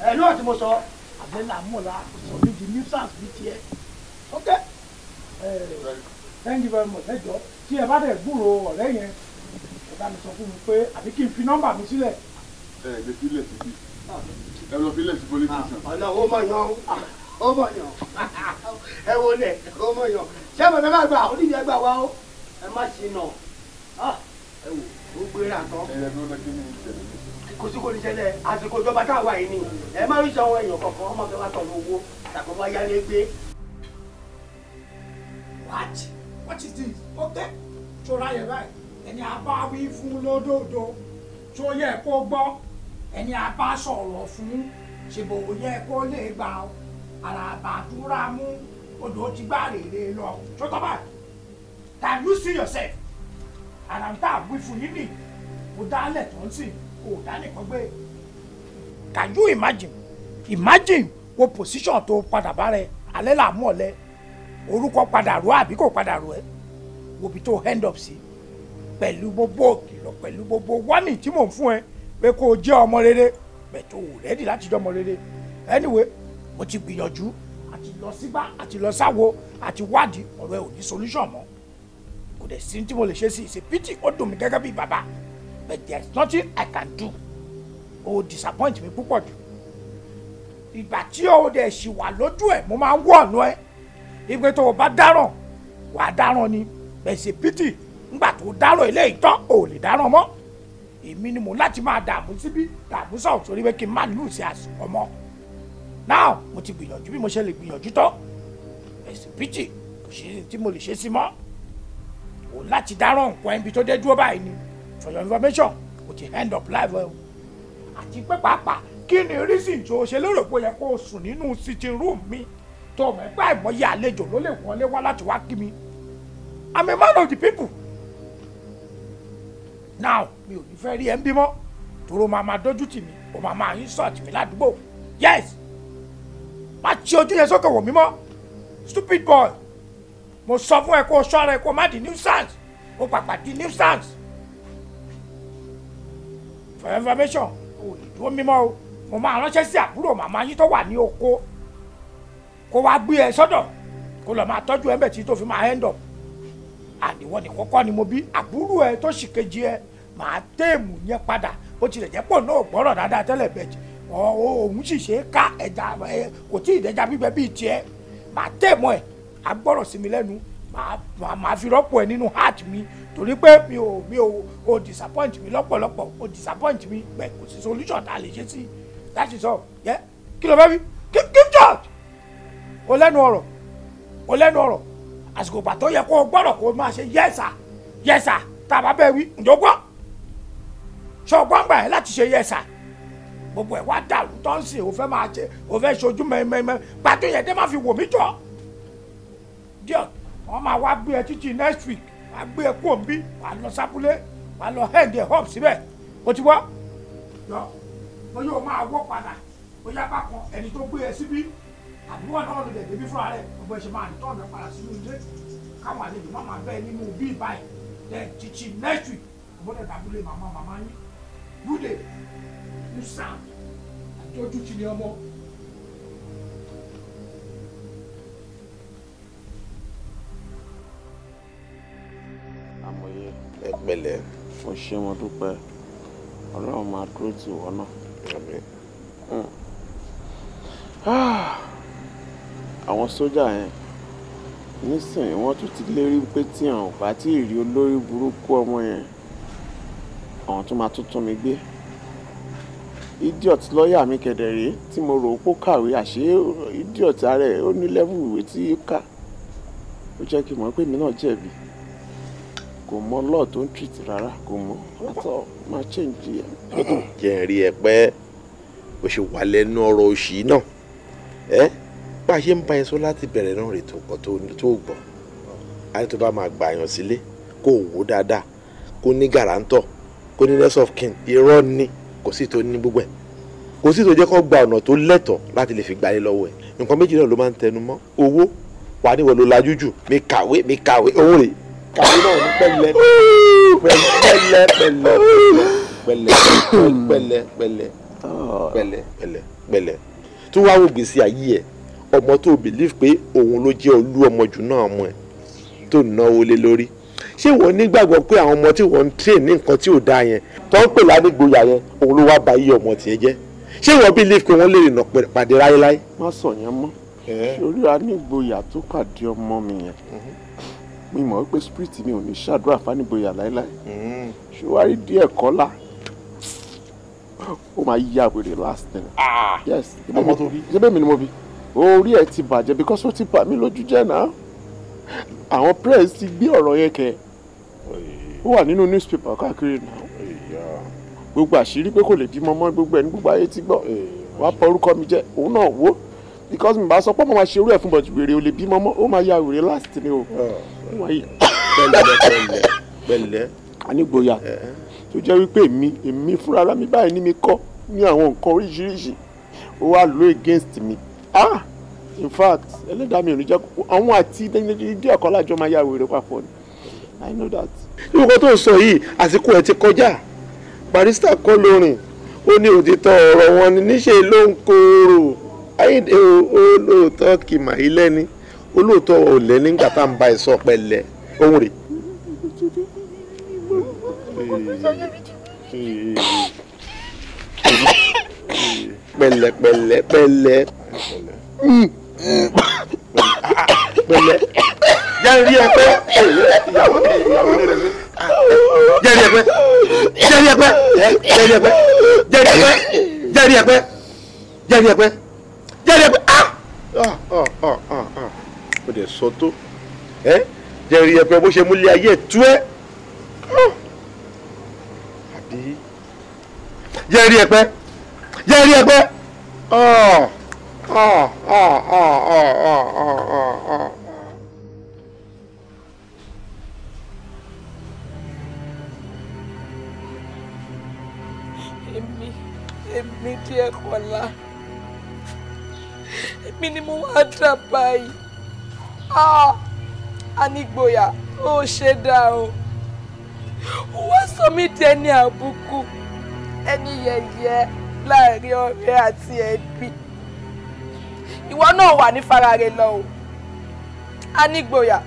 Speaker 1: ẹ lọ́wọ́ tí mo sọ abẹ́lẹ̀ àmọ́lá sọ mi di nuisance bíi tiẹ̀. ok thank you very much ẹ jọ tí ẹ bá dẹ̀ gbúrò ọ̀rẹ́ yẹn ẹ bá mi sọ fún mi pé àbí kí n fi nọ́mbà mi sílẹ̀.
Speaker 3: ẹ lè fi ilẹ̀ síbi ẹ lọ fi ilẹ̀ sí police station. Ah, ọ̀nà owó mọ̀ yan
Speaker 1: ó yàn ẹ wo lẹ̀ ó yàn ṣé mo fẹ́ máa gba àwọn onídìí ẹgbà wa ó ẹ má ṣe nà ah, ẹ wò ó gbéra tán. kò sí kò ní ṣẹlẹ̀ àsìkò ìjọba tá a wà yìí ni ẹ má rí sọ̀rọ̀ èèyàn kankan ọmọ fẹ́ wá tọ̀nù owó tàbí wá yálé gbé. what what is this ọtẹ tó ráyè báyìí ẹni àbá wí fún lódòdó tó yẹ kó gbọ́ ẹni àbá sọ̀rọ̀ fún ṣèbòwò yẹ kó lè gbà ó àràbàdúrà mú odò ti gbá rèrè lọ sọtọ báyìí you see yourself ara tá a wí fún yín nì mo dálẹ̀ tó ń sìn kò dánìkan gbé can you imagine imagine wo position tó padà bá rẹ alẹ́ là mú ọ̀lẹ́ orúkọ padà rú àbí kò padà rú ẹ wo bí tó end up sí pẹ̀lú gbogbo òkìlọ̀ pẹ̀lú gbogbo warning tí mò ń fún ẹ pé kó o jẹ́ ọmọ rere bẹ̀ tó o rẹ́dì láti jẹ́ ọmọ rere anyway mo ti gbìyànjú àti lọ síbá àti lọ sáwo àti wádìí ọ̀rọ̀ ẹ ò ní solution mọ́ kò dẹ̀ sí tí mo lè ṣe sí ìṣe pity ó dùn mí gẹ́gẹ́ bí bàbá but there is nothing I can do o disappoint mi púpọ̀ jù ìgbà tí o dẹ̀ ṣì wà lójú ẹ̀ mo máa ń wọ̀ ọ̀nà ẹ̀ ìgbẹ́ tó o bá dáràn wà á dáràn ni bẹ̀sẹ̀ pìtì ńgbà tó dáràn eléyìí tán ò lè dáràn mọ́ èmi ni mo láti máa dààmú síbí dààmú sọ̀rọ̀ torí pé kí n má lù sí ọmọ now mo ti gbìyànjú bí mo ṣe lè gbìyànjú tó ẹ̀sìn pìtì kò sí tí mo lè ṣe sí mọ́ o láti dáràn nǹkan ẹbí tó dé dúró báyìí ni for your information o ti end up live ẹ eh, o àti pé pàápàá kí ni reason tó o ṣe lérò pé ó yẹ kó o sùn nínú sitting room mi tó o mọ̀ pé àìmọye àlejò ló lè wọlé wá láti wá kí mi i'm a man of the people now mi ò ní fẹ́ rí ẹ ń bímọ tòró máa máa dójú tì mí o máa máa insult mi ládùúgbò yes má ti ojú yẹn sókè wò mí mọ́ stupid boy mo sọ fún ẹ kó o ṣọ́ra ẹ kó o má di nuisance o pàpà di nuisance for information o lè dúró mímọ́ o mo máa ránṣẹ́ sí àbúrò màmá yín tó wà ní oko kó wá gbé ẹ sọ́dọ̀ kó lọ́ọ́ máa tọ́jú ẹ̀ńbẹ̀ tí tó fi máa end up àníwọ̀n ní kọ́kọ́ ni mo bí àbúrò ẹ tó sì kejì ẹ màá téèmù yẹn padà bó tilẹ̀ jẹ́ pọ̀ náà gbọ́rọ̀ dáadáa tẹ́lẹ̀ bẹ́ẹ̀ òun sì ṣe é ká ẹja kò tí ì dẹja bíbẹ bíi tiẹ̀ màá tẹ̀ mọ́ ẹ̀ agbọ́rọ̀ sí mi lẹ́nu màá fi rọ́pò ẹ̀ nínú heart mi torí pé mi ò mi ò o disappoint mi lọ́pọ̀lọpọ̀ o disappoint mi pé kò sí solution tá a lè ṣe sí láti sọ yẹ kí ló fẹ́ fi keep keep church o lẹ́nu ọ̀rọ̀ o lẹ́nu ọ̀rọ̀ àsìkò pàtó yẹ kó o gbọ́dọ̀ kó o máa ṣe yẹ́sà yẹ́sà tá a bá bẹ́ẹ̀ wí ǹjọ́ gbọ́ ṣọ́ gbọ́ngbà ẹ̀ láti ṣe yẹ́sà gbogbo ẹ̀ wá dàrú tọ́sí o fẹ́ máa ṣe o fẹ́ ṣojú mẹ́mẹ́mẹ́ pàtó yẹn tẹ́ máa fi wò mí jọ. díẹ̀ wọ́n máa wá gbé ẹ títí next week wá gbé ẹ kó bí wà lọ sábúlé wà lọ head ẹ hub síbẹ̀ o ti wọ́. yọ bóyá o máa wọ́ padà bóyá bá kan ẹni tó gbé ẹ síbí àbúrò náà ló dẹ̀ débi fúnra rẹ̀ gbogbo ẹ ṣe máa tọ̀nà padà sínú ilé káwọn àlejò má máa bẹ́ẹ̀ nínú bí ìbáyìí dẹ̀ títí next week àbúrò dàbúlé màmá màmá yín good you sound tọ́jú tì ní ọmọ. àmọye ẹ pẹ̀lẹ́. mo ṣe mo dúpẹ́ ọlọ́run máa dúró tì wọ́n náà. Hmm. Ah! àwọn sójà yẹn nísìnyí wọ́n tún ti lérí pé tí àwọn ò bá tí ì rí olórí burúkú ọmọ yẹn àwọn tún máa tún mi gbé idiot lọ́ọ̀yà mi kẹ̀dẹ̀rẹ́ tí mo rò pó kàwé àṣé idiot ara ẹ̀ ó ní lẹ́wù ìwé tí ó kà ó jẹ́ kí n mọ̀ pé mi náà jẹ̀bi kò mọ lọ́ọ̀ tó ń treat rárá kò mọ látọ̀ máa change ẹ̀. <clears throat> jẹ́ ń rí ẹ pé bó ṣe wà lẹ́nu ọ̀rọ̀ òṣì náà ẹ́ bá a ṣe ń bá ẹ sọ láti bẹ̀rẹ̀ náà rètò ọ̀kan tó gbọ́ àti tó bá máa gbàyàn sílé kó wò ó dáadáa kó ní gàràǹtọ̀ kó ní less of kin irọ́ ni kò sí tó ní gbogbo ẹ̀ kò sí tó jẹ́ kó gba ọ̀nà tó lẹ́tọ̀ọ́ láti lè fi gbalé lọ́wọ́ ẹ̀ nǹkan méjì náà ló máa ń tẹnu mọ́ owó wà níwọ̀ ló lajú jù mi kàwé mi kàwé owó rè kàwé náà ní pẹ̀lẹ́ pẹ̀lẹ́ pẹ̀lẹ́ pẹ̀lẹ́ pẹ̀lẹ́ pẹ̀lẹ́ pẹ̀lẹ́ pẹ̀lẹ́ pẹ̀lẹ́ tó wá wò gbèsè ayé ẹ̀ ọmọ tó believe pé òun ló jẹ́ olú ọmọ jù náà ọmọ ẹ̀ tó náwó lé lórí ṣé wọ́n nígbàgbọ́ pé àwọn ọmọ tí wọ́n ń train ní nǹkan tí ò dáa yẹn tó ń pè ládìgbòyà yẹn òun ló wá ba iye ọmọ tiẹ̀ jẹ́ ṣé wọ́n bí léèfé wọn lè rìnà pàdé láéláé. má sọ yẹn mọ́ sórí anígboyà tó pàdé ọmọ mi yẹn mm-hmm. mi mọ̀ pé spirit mi ò ní ṣàdúrà fánígboyà láéláé mm-hmm. ṣùwárí díẹ̀ kọ́lá ó máa yá wèrè last name. Ah! yes ọmọ tó bí. ṣé bẹ́ẹ̀ mi ni mo bí orí ẹ̀ ti bàjẹ́ because ó ti bà mí lójú jẹ́ náà àwọn press ti gbé ọ̀rọ̀ yẹn kẹ́ ẹ̀ ó wà nínú newspaper káàkiri náà gbogbo àṣírí pé kò lè bímọ mọ́ gbogbo ẹni gbogbo ayé ti gbọ́ wàá pọ orúkọ mi jẹ́ òun náà wò because mi bá sọ pé mo máa ṣe irú ẹ̀ fún bọ̀jú wèrè o lè bímọ mọ́ ó máa ya wèrè last ni o. Ah. pẹ̀lẹ́ pẹ̀lẹ́ pẹ̀lẹ́. a ní gboyà eh, eh. tó jẹ́ wípé èmi èmi fúnra mi báyìí ní mi kọ́ ní àwọn nǹkan oríṣiríṣi ó wá lo against me. ah in fact ẹlẹ́dàá mi ò ní jẹ́ àwọn àti ìdẹ́nidẹ́dẹ́ ọ̀kan lájọ máa ya wèrè papọ̀ ni. I know that. Ìwọ́n kan tó ń sọ yìí àsìkò ẹ̀ ti kọjá. Barrister kọ́ lórin. Ó ní òtítọ́ ọ̀rọ̀ wọn ni níṣe ló ń korò. Ayíǹde olóòótọ́ kìmà yìí lẹ́ni. Olóòótọ́ ò lẹ́ni nígbà tá à ń ba ìsọ pẹ̀lẹ́. Ohun rè. Pẹ̀lẹ́ pẹ̀lẹ́ pẹ̀lẹ́. Hmm pẹ̀lẹ́
Speaker 6: jẹ́rìí ẹ pé ìyàwó ìyàwó lè rẹ̀ jẹ́rìí ẹ pé
Speaker 2: jẹ́rìí ẹ pé jẹ́rìí ẹ
Speaker 1: pé
Speaker 6: jẹ́rìí ẹ ah ah ah ah
Speaker 1: o de sọ tó ẹ jẹ́rìí ẹ pé bó ṣe múlẹ̀ ayé tú ẹ àbí jẹ́rìí ẹ pé jẹ́rìí
Speaker 6: ah. Oh, oh, oh, oh, oh, oh, oh, oh.
Speaker 1: Èmi, èmi díẹ̀ kọ́lá.
Speaker 7: Èmi ni mo wá dà báyìí. Ah, anígboyà, ó ṣe dá o. Ó wá sọ mí di
Speaker 1: ẹni àbùkù, ẹni yẹ̀yẹ́ láàrin ọ̀rẹ́ àti ẹbí. E
Speaker 4: ìwọ náà wà ní farare lọ o a nígboyà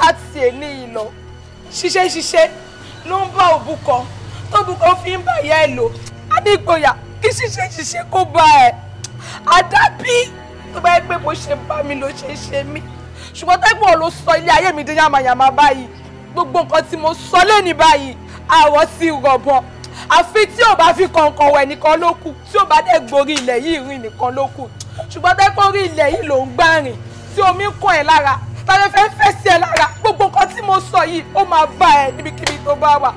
Speaker 4: láti èní yìí lọ ṣiṣẹ́ ṣiṣẹ́ ló ń bá òbúkọ tóbúkọ fi ń bàyà ẹ lò a nígboyà kí ṣiṣẹ́ ṣiṣẹ́ kó bá ẹ àdàbí tó bá yẹ pé mo ṣe bá mi ló ṣe ṣe mí ṣùgbọ́n tẹ́gbọ́n ló sọ ilé ayé mi di yàmàyàmà báyìí gbogbo nǹkan tí mo sọ lẹ́ni báyìí àwọ̀ ti rọ̀bọ̀n àfi tí ò bá fi kọ̀ǹkọ̀ wẹ̀ nìkan ló kù tí ò bá dẹ̀ gborí ilẹ̀ yìí rìn nìkan ló kù ṣùgbọ́n tẹ́kọ̀ rí ilẹ̀ yìí ló ń gbá rìn tí omi ń kọ́ ẹ̀ lára tàbí fẹ́ fẹ́ sí ẹ lára gbogbo nǹkan tí mo sọ yìí ó máa bá ẹ níbikíbi tó bá wà.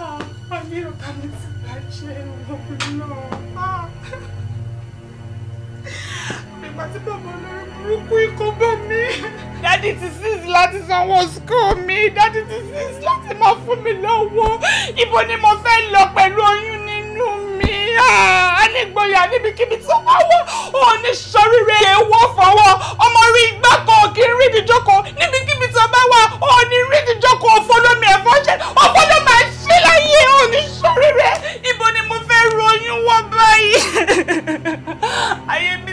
Speaker 2: Ah, Ìgbà tí bàbá olórí burúkú ikú bá mi dádì ti six láti sanwó school mi dádì ti six láti máa fún mi lówó ibo ni mo fẹ́ lọ pẹ̀lú oyún nínú mi anígboyà ah, níbikíbi tó bá wọ òní sọríre èèwọ̀ fọwọ́ ọmọ rí igbá kan kì í rí ìdíjókòó níbikíbi tó bá wà òní rí ìdíjókòó ọ̀fọ́lómi ẹ̀fọ́ ṣe ọ̀fọ́lómi àṣẹ láyé òní sọríre ibo ni mo fẹ́ ronú wọ báyìí <laughs> ayé mi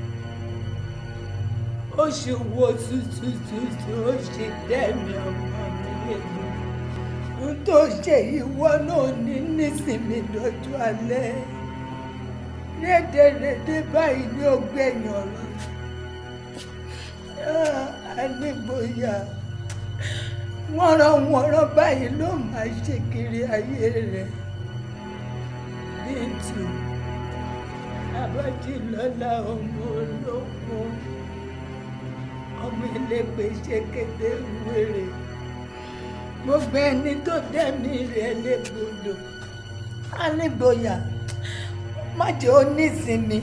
Speaker 2: ó ṣe wo tututu ó ṣe dẹ́mi ọmọ mi èyí ohun tó ṣe ìwọ náà ní nísìmí lọ́jọ́ alẹ́
Speaker 1: rédèrèdè báyìí ní ọgbẹ́yìn ọ̀rọ̀ anígboyà wọ́nranwọ́nran báyìí ló máa ṣe kiri ayé rẹ̀ bíntù abájílọ́lá ọmọ ológun ọmọ ẹlẹgbẹ ṣẹkẹdẹ wẹrẹ mo gbẹ ẹni tó dẹmí rẹ lẹgbọdọ alẹgbọyà má jẹ onísinmi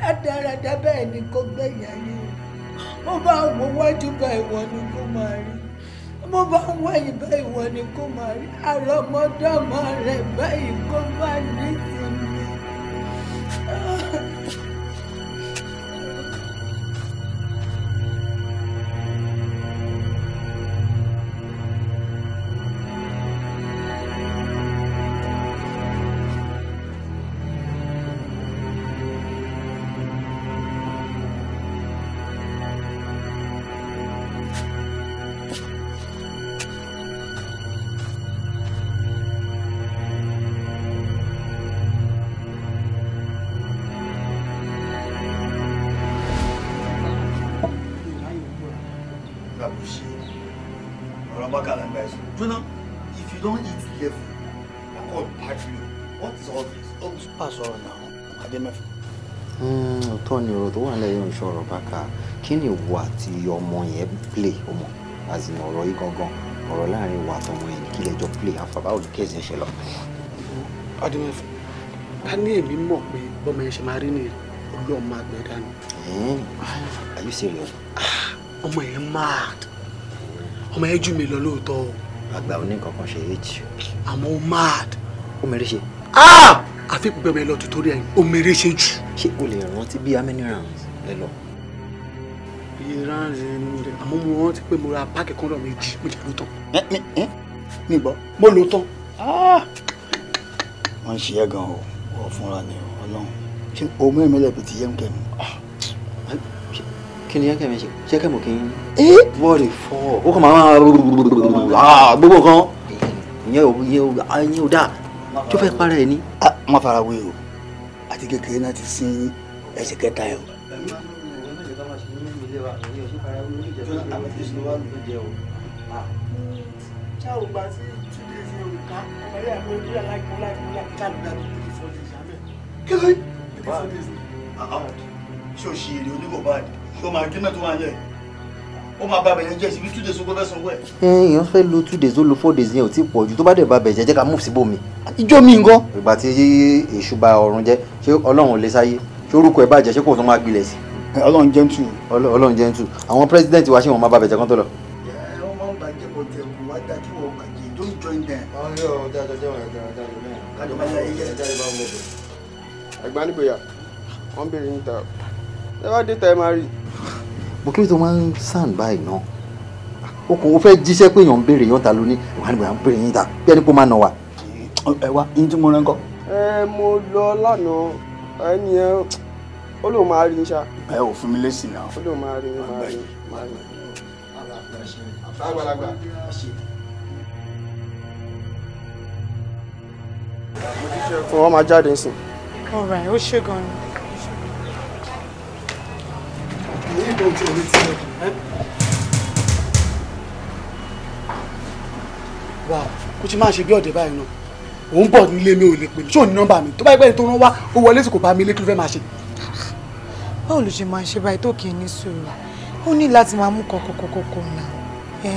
Speaker 1: rádaràdà bẹ́ẹ̀ ni kò gbẹyà yìí mo bá wọ wájú bá ìwọ ni kò máa rí mo bá ń wẹ̀yìn bá ìwọ ni kò máa
Speaker 2: rí àrọmọdọ́mọ rẹ báyìí kò máa ní
Speaker 6: sí.
Speaker 1: kí ni ìwọ àti ọmọ yẹn play ọmọ àti ọ̀rọ̀ yìí gangan ọ̀rọ̀ láàrin ìwọ àtọmọ yẹn kí lẹjọ play àǹfààbá ò kí ẹsẹ̀ ṣe lọ. ọdúnmẹ́fà ká ní èmi mọ̀ pé bọ́mọ yẹn ṣe máa rí nìyẹn olóò máa gbẹ dání. are you serious? Ah, ọmọ yẹn mad ọmọ yẹn jù mí lọ lóòótọ́ àgbà ò ṣe éjì. àmọ́ ó mad. ó mẹ́rẹ́ ṣe. Ah! àfi pẹ̀lú ẹ lọ tutori ó mẹ́rẹ́ ṣe jù. ṣé o lè rántí bí how rounds ẹ iye ránrin ni rẹ̀ àmọ́ mo rántí pé mo ra páàkì kan lọ́ọ̀ méjì mo jẹ́ ló mi gbọ́ mo lò ah! wọ́n ń ṣe é gan o wọ́n fúnra ni ọlọ́run ṣé o mẹ́rin mẹ́lẹ̀ bìtì yẹ́n kẹ́mi. kí ni yẹ́n ṣe ṣé kì í. bọ́ọ̀lì fọ́ ó kàn máa ah! gbogbo nǹkan ìyẹn ò dáa tó fẹ́ para ẹ̀ ni. Ah! má fara wé o àti kékeré náà ti sin ẹsẹ̀ kẹta ẹ̀ oríṣiríṣi ló wá ń tó jẹ o. Ah, ṣá o gba sí tìbí fi òrùka ọmọdé àgbẹ̀ ojú ẹ̀ láìpẹ́ láìpẹ́ láìpẹ́ káàdùdà tó tìbí fọ́ di ìyá mẹ́. kílí tìbí fọ́ di ṣé o ṣe èrè oníkò bá ṣé o máa gé mẹ́tò wá lẹ̀ ó máa bá bẹ̀yẹn jẹ́ síbi two days ogbó fẹ́sàn wẹ̀. èèyàn fẹ́ lo two days ó lo four days yẹn ò tí pọ̀ ju tó bá dẹ̀ bá bẹ̀jẹ̀ jẹ́ ká move síbò mi. ijó mi ńgọ́. ìgbà tí èṣù ba ọ̀run jẹ́ ṣé ọlọ́run ò lè sáyé ṣé orúkọ ẹ̀ bàjẹ́ ṣé kò tún máa gbilẹ̀ sí i ọlọ́run jẹ́ntù. ọlọ́run jẹ́ntù àwọn
Speaker 4: president wa ṣé wọn máa bá bẹ̀jẹ̀ kan tó lọ.
Speaker 1: wọ́n máa ń bàjẹ́ kó tẹ̀ wá dá kí wọ́n bàjẹ́ don't join them. ọ̀rẹ́ ọ̀ dájọ́ jẹ́ wà dájọ́ jẹ́ mẹ́rin. kájọ máa yá iye ẹja ìbá wọn bẹ̀. ẹ̀gbọ́n nígbòyà wọ́n ń bèrè níta ẹ bá dé ta ẹ máa rí. mo kí ló tó máa ń sàn báyìí náà o kò fẹ́ jíṣẹ́ pé èèyàn ń béèrè yọ̀ǹta lóní ìwà nígbà ń béèrè yín ta bí ẹni kó máa nà wá. ẹ wá ní tí mo rẹ́ ń kọ́. ẹ mo lọ lánàá ẹni ẹ ó lóun máa rí ní ṣá. ẹ ò fún mi lésì náà. ó lóun máa rí ní máa rí máa rí. àgbàlagbà fún wọn máa jáde nsìn. ọ̀rẹ́ ó ṣe gan-an. èyí kò tí ò ní tí
Speaker 6: ẹ. wà
Speaker 1: kó tí máa ṣe bí ọ̀dẹ̀ báyìí náà òun bọ̀ nílé mi ò lè pè mí ṣé òun ní nọ́mbà mi tó bá yẹ pé ẹni tó rán wá ó wọlé tí kò bá mi lé kí ló fẹ́ máa ṣe
Speaker 5: báwo ló ṣe máa ṣe báyìí tó kì í ní sùúrù ó ní láti máa mú kọkọkọkọ náà ẹ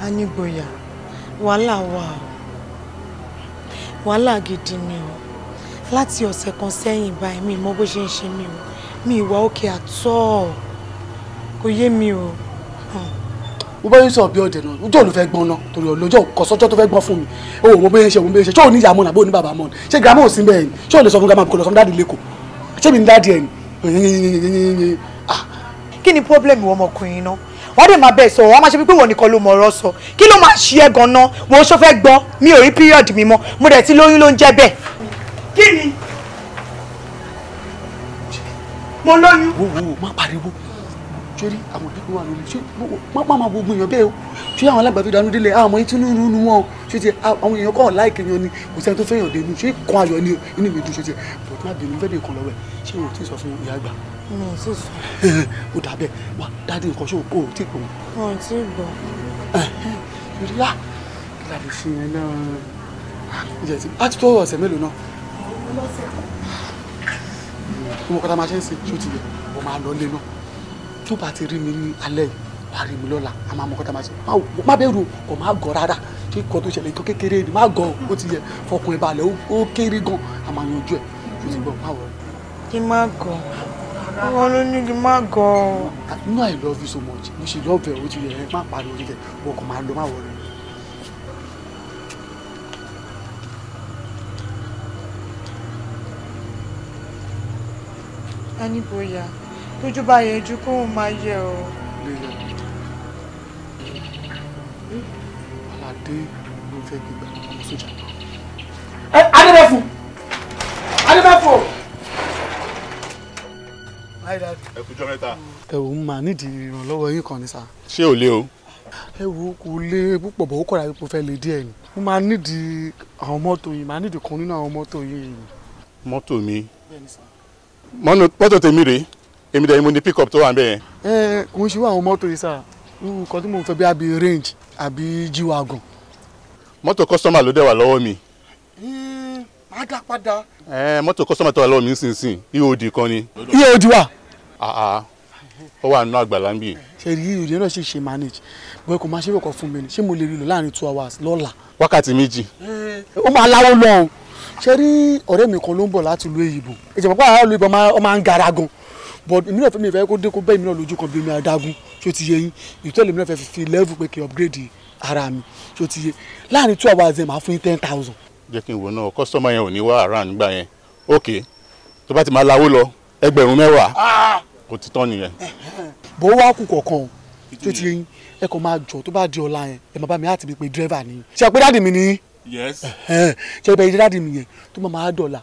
Speaker 5: a ní gboyà wàhálà wà o wàhálà gidi ni o láti ọ̀sẹ̀ kan sẹ́yìn báyìí mi mọ bó ṣe ń ṣe mí o mi ìwà òkè
Speaker 1: àtọ́ kò yé mi o mo bá yín sọ bí ọdẹ náà ojú òòlù fẹ́ gbọ́n náà torí ọlọ́jọ́ kọ sọ́jọ́ tó fẹ́ gbọ́n fún mi o mo bẹ ṣe mo bẹ ṣe ṣé o ní ìyá mọ nàbó ní bàbá mọ ṣé girama ò sí bẹ́ẹ̀ ni ṣé o lè sọ fún girama kò lọ sọ fún dáàdi lẹkọọ ṣé mi ní dáàdi ẹ ni. Ah. kí ni pọ́blẹ́mù ọmọkùnrin náà wọ́n dẹ̀ máa bẹ̀ sọ wọ́n á máa ṣe pé wọ́n nìkan ló mọ̀ ọ̀rọ̀ sọ kí ló máa ṣe ẹ́ gan-an mo ṣọ́ fẹ́ gbọ́ mi ò rí píríọ̀dù mi mọ́ mo dẹ̀ ti lóyún ló ń wo wo má pariwo sórí àwọn òbí wa lórí ṣé má má gbogbo èèyàn bẹ́ẹ̀ o ṣé àwọn alágbàtọ́ ìdánú délé àwọn èyí nínú wọn ṣé ti àwọn èèyàn kọ́ láìkè yan ni kò sẹ́ni tó fẹ́yàn dénú ṣé kan ayọ̀ ni inú mi dùn ṣé ti bọ̀dé má bínú bẹ́ẹ̀ nìkan lọ́wọ́ ẹ̀ ṣé o ti sọ fún ìyá àgbà. mi ò tí sọ. o <laughs> dà bẹ́ẹ̀ dáadé nǹkan ṣé o ti pè wọ́n.
Speaker 6: wọn ò tí ì gbọ́.
Speaker 1: ìrìlá ìlànà ìfihàn máa ṣe ń sin ṣó ti yẹ ọ máa lọ lé náà tó bá ti rí mi ní alẹ́ yìí wàá rí mi lọ́la a máa mọ kọ́ta máa ṣe má bẹ̀rù kò má gọ̀ rárá kí kò tó ṣẹlẹ̀ nǹkan kékeré ni má gọ̀ ó ti yẹ fọkùn ìbalẹ̀ ó kéré gan a máa yanjú ẹ̀ kò sì gbọ́ má wọ̀ ẹ́. kí má gọ̀ wọn ló ní kí má gọ̀. no i love you so much mo ṣe love ẹ o ti yẹ ẹ má pariwo orí rẹ wọn kò máa lọ má wọ̀ ẹ́.
Speaker 5: Ani bóyá tójú bá yẹ ju kóun máa yẹ o.
Speaker 1: aládé ló fẹ́ gbígbà ọmọ sójà. ẹ adébẹ́fù adébẹ́fù. ẹ kújọ mẹ́ta. ẹ ò ń máa nídìí ìrànlọ́wọ́ yín kan ní sá. ṣé ò lé o. ẹ wo kò lé púpọ̀ bọ̀ ó kọ̀ra ipò fẹ́ lè díẹ̀ ni mo máa nídìí àwọn mọ́tò yìí máa nídìí kan nínú àwọn mọ́tò yìí. mọ́tò mi mọ́tò tèmi rèé èmi dẹ̀ ni mo ní pick
Speaker 3: up tó wà ń bẹ̀ yẹn.
Speaker 1: ẹ kò ń ṣe àwọn mọ́tò yìí sà nǹkan tí mo fẹ́ bí àbí range àbí g-wagon.
Speaker 3: mọ́tò kọ́sọ́mà ló dẹ̀ wà lọ́wọ́ mi.
Speaker 1: máa dá padà. ẹ mọ́tò kọ́sọ́mà tó wà lọ́wọ́ mi nísinsìnyí eod kan ni. eod wà. ó
Speaker 3: wà nínú àgbàlá ń
Speaker 1: ṣe rí ìrírí e náà ṣe ṣe manage bóyá kò máa ṣe fẹ́ kọ́ fún mi ni ṣé mo lè rí lò láàrin two hours lọ́la.
Speaker 3: wákàtí méjì. ó máa láwọ́ lọ́hùn
Speaker 1: ṣe rí ọ̀rẹ́ mi kan ló ń bọ̀ láti ìlú èyìnbó ìjọba pàrọ̀ ìlú ìbọn máa but èmi náà fẹ́ mi fẹ́ kó dé kó bẹ́ẹ̀ mi náà lójú kan bí omi adágún tí ó ti yé yín ìtọ́lẹ̀ mi náà fẹ́ fi level pé kí upgrade ara mi tí ti yé láàrin two hours ẹ̀ máa fún yín ten thousand.
Speaker 3: jẹ́ kí n wò náà kọ́sọ́mà yẹn ò ní wá
Speaker 1: àrà nígbà yẹn ok tó bá ti máa lawó lọ ẹgbẹ̀rún mẹ́wàá kò ti tán nìyẹn. bó wá kù kọ̀ọ̀kan tí ó ti yé yín ẹ kàn máa jọ tó bá di ọ̀la yẹn ẹ máa bá mi láti mi pé dírẹ́fà ni. ṣe àpé dáàdì mi ni. yes. ṣe àpé dáàdì mi yẹn tó máa máa dọ̀la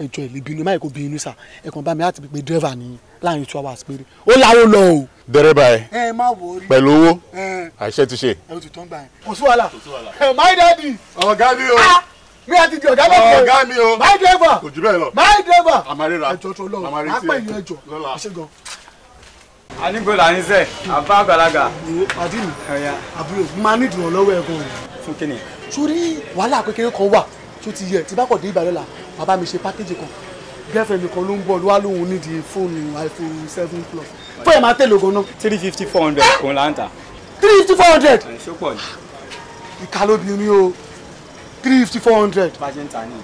Speaker 1: ẹjọ́ ìlébínú ẹ má yẹ kó bínú sà ẹ kàn bá mi láti mi pé dírẹ́fà ni láàrin two hours péré ó láwo lọ o. dẹ́rẹ́bà ẹ ẹ owó àṣẹ ti ṣe. ẹ o ti tán gbà yẹn kò sí wàhálà my daddy. ọ̀gá mi o ah, mi àti di ọ̀gá lọ́kọ̀ ọ̀gá mi o my driver kò jù bẹ́ẹ̀ lọ my driver àmàrera ẹjọ́ tó lọ́wọ́ àpá ìyẹn ẹjọ́ ṣe gan. anigbo la ń sẹ
Speaker 7: àbá àgbàlagbà.
Speaker 1: wo pàdé mi àbúrò máa ní ìdùnnà lọ́wọ́ ẹ̀ gan-an. fún kí ni. sórí wàhálà kékeré kan wà tó ti yẹ tí bá kọ̀ dé Ìbàdàn la bàbá mi ṣe pákéjì kan girlfriend kan ló ń bọ̀ wá lóhun nídìí fóònù iphone seven plus fún ẹ̀ máa tẹ̀lé ogun náà. three fifty four hundred ah! kò là ń tà. three fifty four hundred. ṣọ́pọ̀ ni. ìka lóbìnrin o three fifty four hundred. bá a ṣe ń ta ni.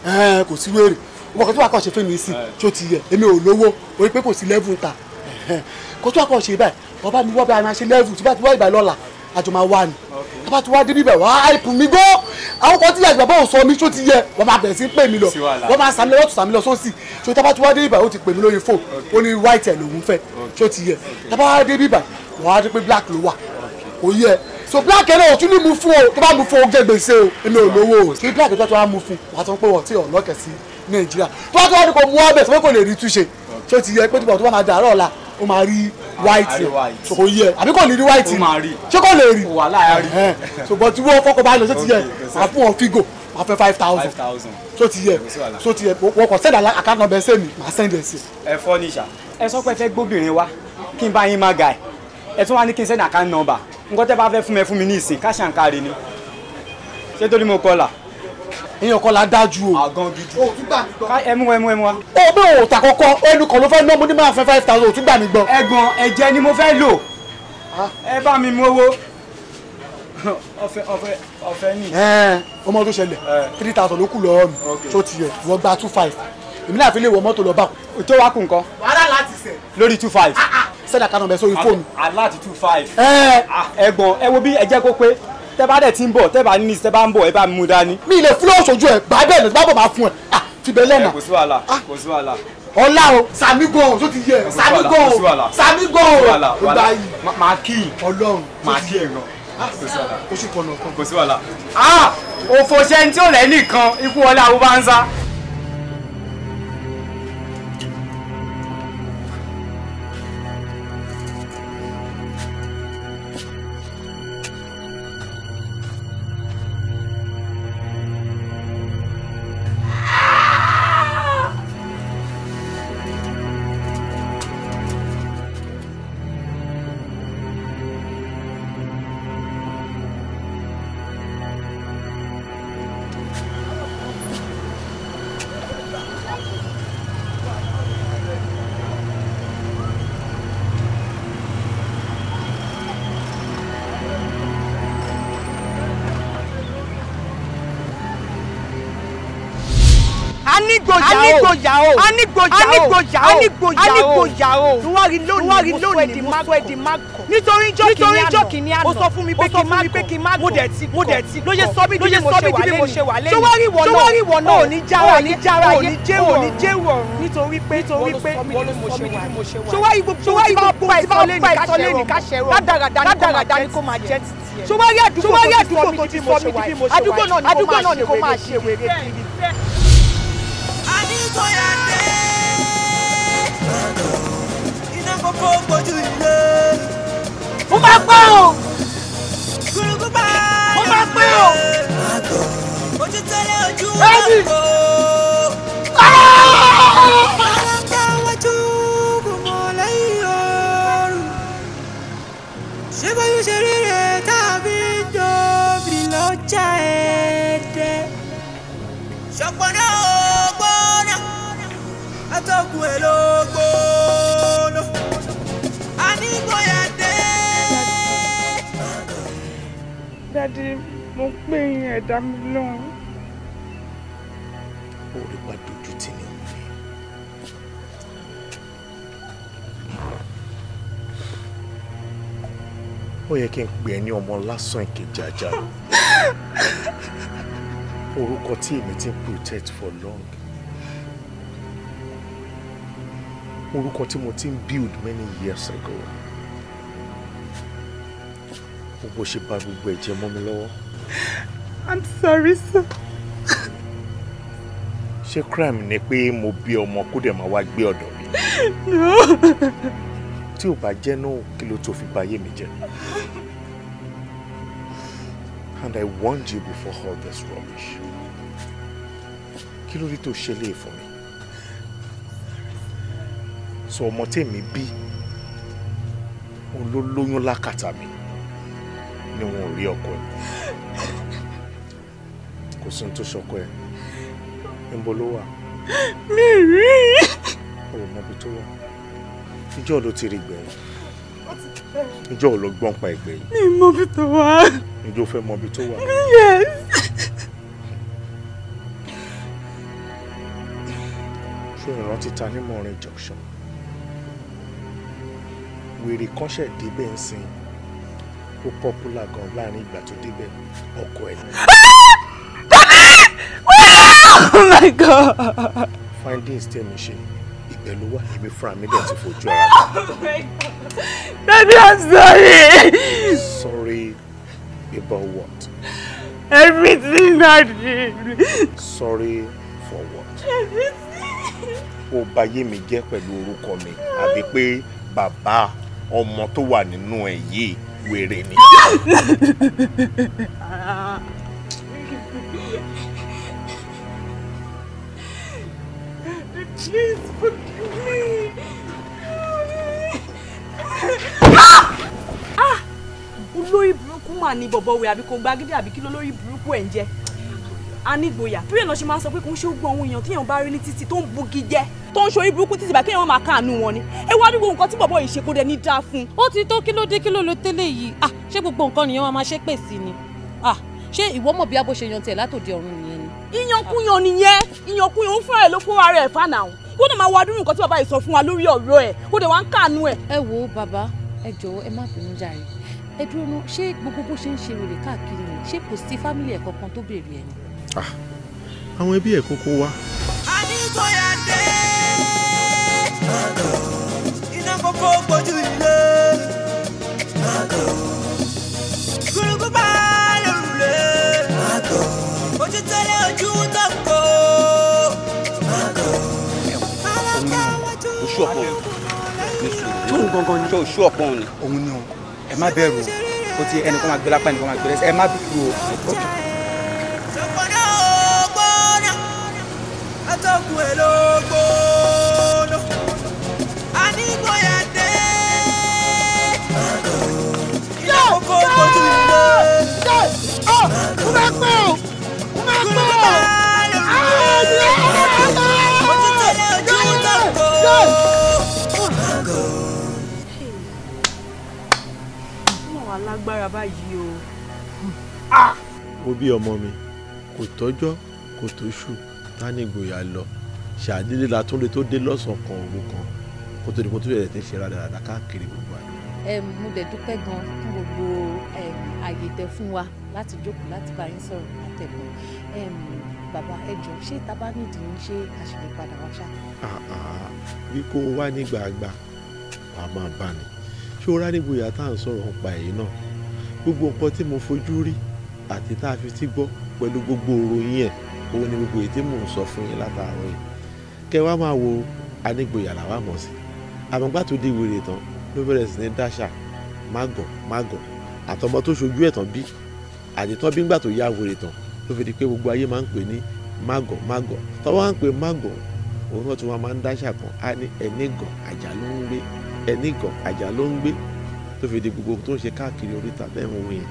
Speaker 1: kò sí wèrè ọmọ kan tó wà kọ́ ṣe fẹ́ mi sí tó ti yẹ èmi ò lówó orí pé kò sí level ta kó tó wà kọ́ ṣe báyìí ọba mi wọ́ bá a máa ṣe level tó bá ti wọ́ ìgbà àjọ máa wà ní bàbá tí wàá débi bẹ̀ wá àìpù mi gbọ́ àwọn kan tí yàtọ̀ bàbá òsọ mi tó ti yẹ wọ́n máa bẹ̀rẹ̀ sí pè mí lọ wọ́n máa sàmì lọ wọ́n tún sàmì lọ sósì tó tábà tí wàá débi bẹ̀ ó ti pè mí lórí fóònù ó ní white ẹ̀ lòún fẹ́ tó ti yẹ tábà wàá débi bẹ̀ wọ́n á rí pé black ló wà kò yẹ so black ẹ̀ náà ò ní mú fún o tó bá fún o gẹ́gbèsè o èmi ò o kí black tó tó nàìjíríà tó bá tó wá ní kò mú ọbẹ̀ sọ pé kò lè rí túnṣe tó ti yẹ pé tó bá máa dàárọ̀ ọ̀la ó máa rí white kò yẹ àbí kò lè rí white ṣé kò lè rí ṣùgbọ́n tí wọ́n fọ́kọ̀ bá lọ tó ti yẹ àfún wọn fígò wọ́n fẹ́ five thousand tó ti yẹ tó ti yẹ wọ́n kọ̀ sẹ́dà àkáǹtì nọ́mbà ẹsẹ̀ mi màá sẹ́ndẹ̀ sí. ẹ fọ́ níṣà. ẹ sọ pé ẹ fẹ́ gbóbìnrin wa kí n bá yín máa gà ẹ ẹ tún wá ní kí n sẹ́ndà àkáǹtì nọ́mbà nǹkan tẹ́ bá fẹ́ fún mi fún mi ní ìsìn káṣà ń kárí ni ṣé torí mo kọ́ là èèyàn kan la dájú o. àgàn gidi. o tún gbà mí gbọ́. ẹ mú ẹ mú ẹ mú wa. o bẹ́ẹ̀ o ta kọ́kọ́ ẹnu kan ló fẹ́ ná mo ní máa fẹ́ five thousand o tún gbà mí gbọ́. ẹ̀gbọ́n ẹ̀jẹ̀ ni mo fẹ́ lò ẹ bá mi mú owó
Speaker 2: ọ̀fẹ́ ọ̀fẹ́ ọ̀fẹ́
Speaker 1: ni. ẹ ọmọ tó ṣẹlẹ̀ three thousand ló kù lọ́wọ́ mi tó ti yẹ wọ́n gba two five èmi náà fi lè wọ mọ́tò lọ bá kù. tó wá kù nǹkan. wàhálà láti sẹ̀. lórí two five. Ah, ah. sẹ́dà kanọ̀ bẹ̀ sórí fóònù. aláàtì two five. Ah, ẹ̀gbọ́n ẹ wo bí ẹ jẹ́ kó pé tẹ bá dẹ̀ ti ń bọ̀ tẹ bá ní tẹ bá ń bọ̀ ẹ bá mú dání. mi ilé fúlọ́ọ̀sì ojú ẹ̀ gbà bẹ́ẹ̀ lọ bá bọ̀ máa fún ẹ ah, fìbẹ́ lẹ́nà. kò
Speaker 7: sí wàhálà ah. kò sí wàhálà.
Speaker 1: ọlá o sami gan o tó ti yẹ sami gan o sami gan o ìgbà yìí. màá kí i ọlọ́run màá kí i gan kò sí wàhálà. òfò ṣẹ́ni tí ò rẹ̀ nìkan ikú ọlá awúbáńsá.
Speaker 4: anigboya
Speaker 2: o anigboya o
Speaker 4: anigboya
Speaker 2: o nuwari lónìí mo sọ
Speaker 1: ẹdi má sọ ẹdi má kọ nítorí jọ kìíní àná o sọ fún mi pé kí n má kọ mo dẹ̀ ti kọ lóye sọ mi bí mo ṣe wà lẹ́yìn sọwárí wọ náà sọwárí wọ náà òní jára òní jára òní jéwò òní jéwò ọ̀run nítorí pé nítorí pé sọwárí gbogbo sọwárí gbogbo tí bá pa ìtọ́lé ní káṣẹ́rọ̀
Speaker 4: ládàradà ni kò máa jẹ́ títì ẹ̀ sọwárí àdúgbò tó ti sọ mi bí mo ṣe wà àdúgbò náà ni kò máa ṣe
Speaker 2: wèrè kiri. Akóyàdé. Iná gbogbo gbojú ilé. Mo máa pẹ́ o. Gúrúgú bá yọ. Mo máa pẹ́ o. Ojú tẹ́lẹ̀ ojú ọkọ̀. Bẹ́ẹ̀ni. Ah! Dádì, mo pè yín ẹ dá mi lóhùn.
Speaker 1: Orí wa dojú tì ní òfin. Ó yẹ kí n pè ẹ́ ní ọmọ lásán ìkejì ajá. <laughs> Orúkọ tí èmi ti ń protect for long. orúkọ tí mo ti ń build many years ago gbogbo ṣe bà gbogbo ẹ̀jẹ̀ mọ́ mi lọ́wọ́.
Speaker 2: I'm sorry sir.
Speaker 1: ṣé crime ni pé mo bí ọmọ kó dẹ̀ máa wá gbé ọ̀dọ̀ mi. no. tí ò bá jẹ́ náà kí ló tó fi báyé mi jẹ́. and I warned you before all this rubbish. kí ló rí tó ṣe léè fún mi sọ ọmọ tèmi bí olólóyún lákàtà mi ni wọn ò rí ọkọ ẹ kò sí ní tó ṣọkọ ẹ níbo ló wà.
Speaker 2: mi rí i. o ò mọbi tó
Speaker 1: wà ìjọ ló ti rí gbẹ̀yìn ìjọ ò lọ gbọ́n pa ìgbẹ̀yìn.
Speaker 2: mi mọbi tó wà.
Speaker 1: ìjọ fẹ́ mọbi tó wà. yes. ṣé ìrántí ta ní mọ̀rin junction wèrè kan ṣẹ̀ débẹ̀ ń sìn ó pọ́pùlà gan láàrin ìgbà tó débẹ̀ ọkọ ẹ̀.
Speaker 2: Oh my God.
Speaker 1: findings tẹ̀mí ṣe ibẹ̀ ló wà èmi fúnra mi dẹ̀ ti fojú ara mi.
Speaker 2: Oh I'm sorry.
Speaker 1: Sorry about what?
Speaker 2: Everything I did. Sorry for what? Everything.
Speaker 1: Ó bayé mi jẹ́ pẹ̀lú orúkọ mi àbí pé bàbá ọmọ tó wà nínú ẹ̀ yìí wèrè ni.
Speaker 6: Ah!
Speaker 4: Olórí burúkú mà ní bọ̀bọ̀ wẹ̀ àbí kò gba gidi àbí kí lólórí burúkú ẹ̀ ń jẹ́. A ní ìgboyà. Bí èèyàn ṣe máa sọ pé kò ń ṣe gbọ́ ohun èèyàn tí èèyàn bá rí ní títì
Speaker 5: tó ń bugi jẹ́ tó ń ṣorí burúkú títí báyìí kéèyàn máa káàánú wọn ni ẹ wá ní nǹkan tí bọ̀bọ̀ yìí ṣe kó dẹ ní dáa fún ó ti tó kí ló dé kí ló lo tẹ́lẹ̀ yìí ah ṣé gbogbo nǹkan nìyẹn wọn máa ṣépè sí ni ah ṣé ìwọ mọ̀ bí abo ṣe yan tiẹ̀ látòdì ọ̀run nìyẹn ni. iyankunyan nìyẹn iyankunyan òun fúnra ẹ ló kó
Speaker 4: ara ẹ fánà òun kó dẹ máa wá dúró nǹkan tí bàbá yìí sọ fún wa lórí ọ̀rọ̀ ẹ kó dẹ wá ń káàánú ẹ. ẹ wo bàbá
Speaker 5: ẹ jọ̀wọ́ ẹ má bínú jàre ẹ dúró ná ṣé gbogbo bó ṣe ń ṣe rèé káàkiri yìí ṣé kò sí fámìlì ẹ̀ kankan tó béèrè ẹ̀ ni.
Speaker 1: Ah, àwọn ẹbí ẹ̀ kókó wá.
Speaker 5: a ní tó dé iná gbogbo gbojú ilé.
Speaker 2: Gúrúgú bá lórùlé. Ojú tẹ́lẹ̀ ojú tó ń kó.
Speaker 6: Oṣù ọ̀pọ̀ tó ń
Speaker 2: gangan ni. Oṣù
Speaker 1: ọ̀pọ̀ ni. ni o, ẹ má bẹ̀rù o, o ti ẹnì kan máa gbé lápá ẹnì kan máa gbé lẹ́sẹ̀, ẹ má bẹ̀rù o. Sọ̀pọ̀
Speaker 2: náà gbọ́dọ̀, atọ́kùn ẹ̀ ló gbó. Come back, pẹ́ o mo máa pẹ́ o àwọn mi ò máa pẹ́
Speaker 4: o ojú tẹ̀lé ojú ìtàkùn. mo wà lágbára báyìí o.
Speaker 1: ó bí ọmọ mi kò tọ́jọ́ kò tóṣù ta ni ìgboyà lọ ṣàdédé la tún lè tó dé lọ́sàn-án kan òru kan kó tó di kó tó yẹ ti ṣe rádaràdà káàkiri gbogbo
Speaker 5: àná. ẹ mo dẹ̀ dúpẹ́ gan-an fún ààyè tẹ fún wa láti jókòó láti bá yín sọ̀rọ̀ àtẹ̀kùn bàbá ẹ jọ ṣé tábà nídìí ń ṣe àṣìlè padà wá ṣá.
Speaker 1: bí kò wá ní gbàgbà wà á máa bá ní ṣé ó rárí bóyá tá à ń sọ̀rọ̀ nípa èyí náà gbogbo nǹkan tí mo fojú rí àti tá a fi ti gbọ́ pẹ̀lú gbogbo òròyìn ẹ̀ òun ni gbogbo èyí tí mò ń sọ fún yín látàárọ̀ yìí kẹ wá máa wo anígboyà làwa mọ̀ sí àmọ́gbà tó di wèrè tán ló bẹ̀rẹ̀ sí ní dáṣà mágọ̀ mágọ̀ àtọmọ tó ṣojú ẹ̀ tán bí àdìtán bí ńgbà tó yá wèrè tán ló fi di pé gbogbo ayé máa ń pè ní mágọ̀ mágọ̀ tọ́wọ́ à ń pè mágọ̀ òun náà tí wọ́n máa ń dáṣà kan á ní ẹnìgàn àjà ló ń gbé ẹnìgàn àjà ló ń gbé tó fi di gbogbo tó ń ṣe káàkiri oríta bẹ́ẹ̀ mú yẹn.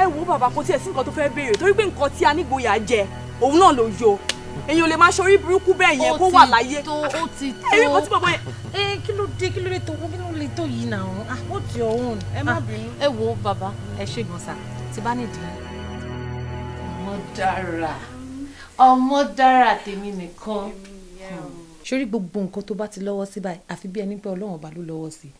Speaker 5: ẹ wo bàbá kò tiẹ̀ sí nǹkan tó
Speaker 4: fẹ́ béèrè torí pé nǹkan tí anígboyà jẹ òun náà ló yọ èyí ò lè máa ṣorí burúkú bẹ́ẹ̀ yẹn kó wà láyé ó ti <laughs> tó èyí kò tí bọ̀ bọ́yẹn.
Speaker 5: ẹ kí ló dé kí ló lè tó kí ló lè tó yìí náà ah, ó ti ọ̀hún. ẹ má ah, bínú. ẹ wo bàbá ẹ ṣe gbọ̀nsà tí bá nìdí. ọmọ dára ọmọ dára tèmi nìkan. sórí gbogbo nǹkan tó bá ti lọ́wọ́ sí báyìí àfi bí ẹni pé ọlọ́run ọba ló lọ́wọ́ sí i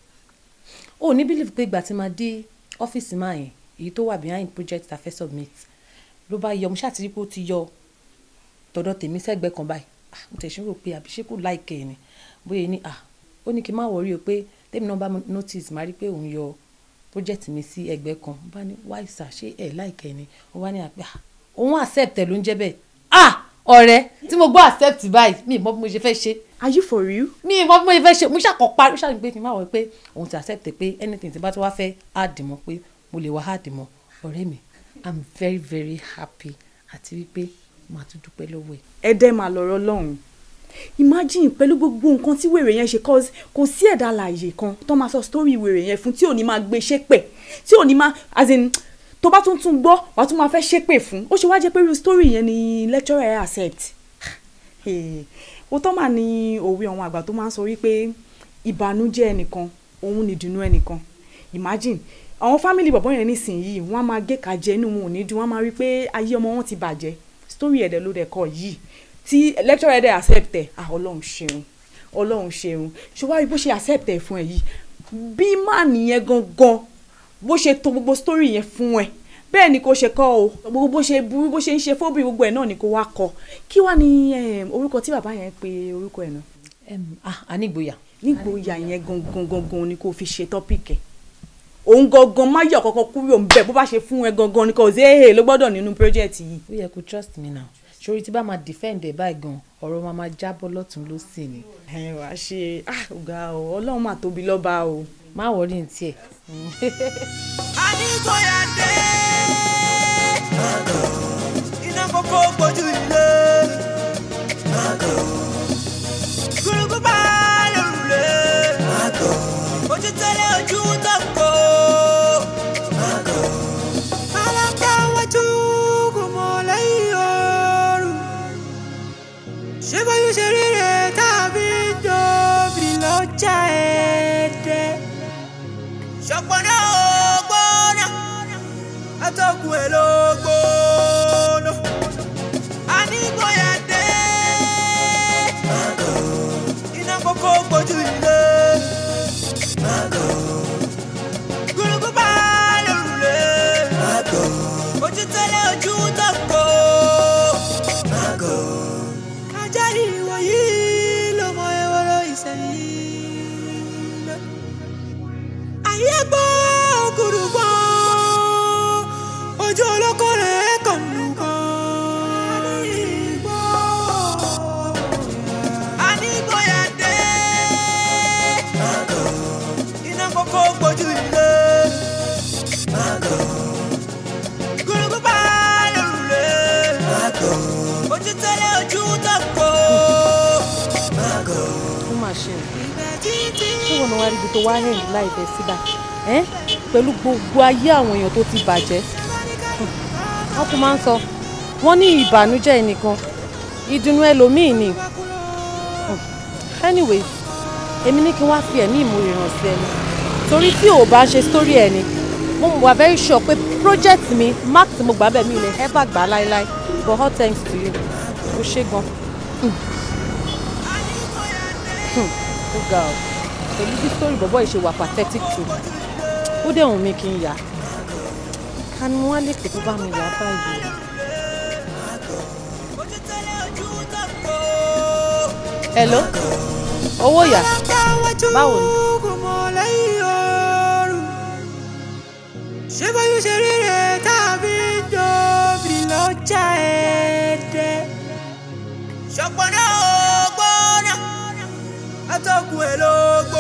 Speaker 5: ó ní bílíf pé ìgbà tí máa dé ọ́fíìsì máa yẹn èyí tó wà behind project tá submit ló bá yọ mo ṣáà ti rí pé ó ti yọ tọ̀dọ̀ tèmi sẹ́gbẹ́ kan báyìí ah, mo tẹ̀sí rò pé àbíṣekù láìkẹ́ ẹ̀ ni bóyá ni ah, ó ní kí n má wọrí o pé tèmi náà bá notice má rí pé òun yọ project mi sí ẹgbẹ́ kan bá ní wáì sà ṣé ẹ̀ láìkẹ́ ni ó wá ní àpé ah, òun accept ẹ̀ ló ń jẹ́ bẹ́ẹ̀ ah ọ̀rẹ́ tí mo gbọ́ accept báyìí mi ìmọ̀ bí mo ṣe fẹ́ ṣe. are you for real. mi ìmọ̀ bí mo ṣe fẹ́ ṣe mo ṣàkọ́ parí ó ṣàlùgbé kí n má wọ pé òun ti accept pé anything tí bá ti wá fẹ́ add mọ́ pé mo lè wá add mọ́ ọ̀rẹ́ mi i'm very very happy àti wípé màá tún dúpẹ́ lọ́wọ́ ẹ̀. ẹ dẹ́ máa lọ́rọ̀ lọ́hùn
Speaker 4: imagine pẹ̀lú gbogbo nǹkan tí wèrè yẹn ṣe cause kò sí ẹ̀dá alààyè kan tó máa sọ story wèrè yẹn fún tí ò ní máa gbé ṣépè tí ò ní máa as in tó bá tún tún gbọ́ wà á tún máa fẹ́ ṣépè fún ó ṣe wá jẹ́ pé irú story yẹn ni lecturer ẹ̀ accept <laughs> ó tọ́ mà ní òwe àwọn àgbà tó máa ń sọ wípé ìbànújẹ́ ẹnìkan òun ni ìdùnnú ẹnìkan
Speaker 5: imagine àwọn family bàbá yẹn nísìnyí wọ́n á máa gé kàjẹ́ inú wọn ò ní dùn wọ́n á máa rí pé ayé ọmọ wọn ti bàjẹ́ story ẹ̀dẹ̀ ló dẹ̀ kọ yìí tí lecturer ẹ̀dẹ̀ accept ẹ̀ ah ọlọ́run ṣeun ọlọ́run ṣeun ṣùgbọ́n bó ṣe accept ẹ̀ fún ẹ yìí bí máa
Speaker 4: nìyẹn gangan bó ṣe to gbogbo story yẹn fún ẹ bẹ́ẹ̀ ni kò ṣe kọ́ o gbogbo
Speaker 5: bó ṣe burú bó ṣe ń ṣe fóbi gbogbo ẹ̀ náà ni kò wá kọ kí wá ní orúkọ tí bàbá yẹn pe orúkọ ẹ̀ náà. ah Anígboyà. Nígboyà yẹn gangan gangan ni kò fi ṣe tọ́pìkì ẹ̀ òun gangan má yọ̀ kankan kúrò ń bẹ̀ bó bá ṣe fún ẹ gangan ni kò sí èhè ló gbọ́dọ̀ nínú project yìí. ó yẹ kó trust me now sori tí bá máa defend ẹ báyìí gan ọ̀rọ̀ máa máa jábọ́ lọ́tún ló sì ni. ẹ wàá ṣe ah, ọgá o Ọlọ́run máa tóbi lọ́ba o. má wọrí ní tiẹ̀.
Speaker 2: a iná kókó gbójú ilé gúrúgú bá lórúlé ojú tẹ́lẹ̀
Speaker 5: wá rí ibi tó wá rìn ní láì bẹ́ síbà pẹ̀lú gbogbo ayé àwọn èèyàn tó ti bàjẹ́ wọ́n tún máa ń sọ wọ́n ní ìbànújẹ́ ẹnìkan ìdùnnú ẹlòmíì ni anyway èmi ní kí wọ́n á fi ẹ̀mí ìmúre hàn sí ẹni torí tí ò bá ṣe sórí ẹni mo wà very sure pé project mi mark tí mo gbà bẹ́ẹ̀ mi ò lè ever gbà láéláé but all thanks to you ó ṣe gan. Hmm. Hmm. ó ga pẹ̀lú bí sórí bọ̀bọ̀ wà pathetic tó ó dẹ̀ wùn mí kí n yà ká ni wọ́n á lè pè bá mi yà báyìí. hello owó yà báwo ni.
Speaker 2: ṣé báyọ̀ ṣe rí rẹ̀ tàbí dòbí lọ́jà ẹ̀ẹ́dẹ́ ṣọ̀pọ̀ náà ó gbóná atọ́kùn ẹ̀ ló gbó.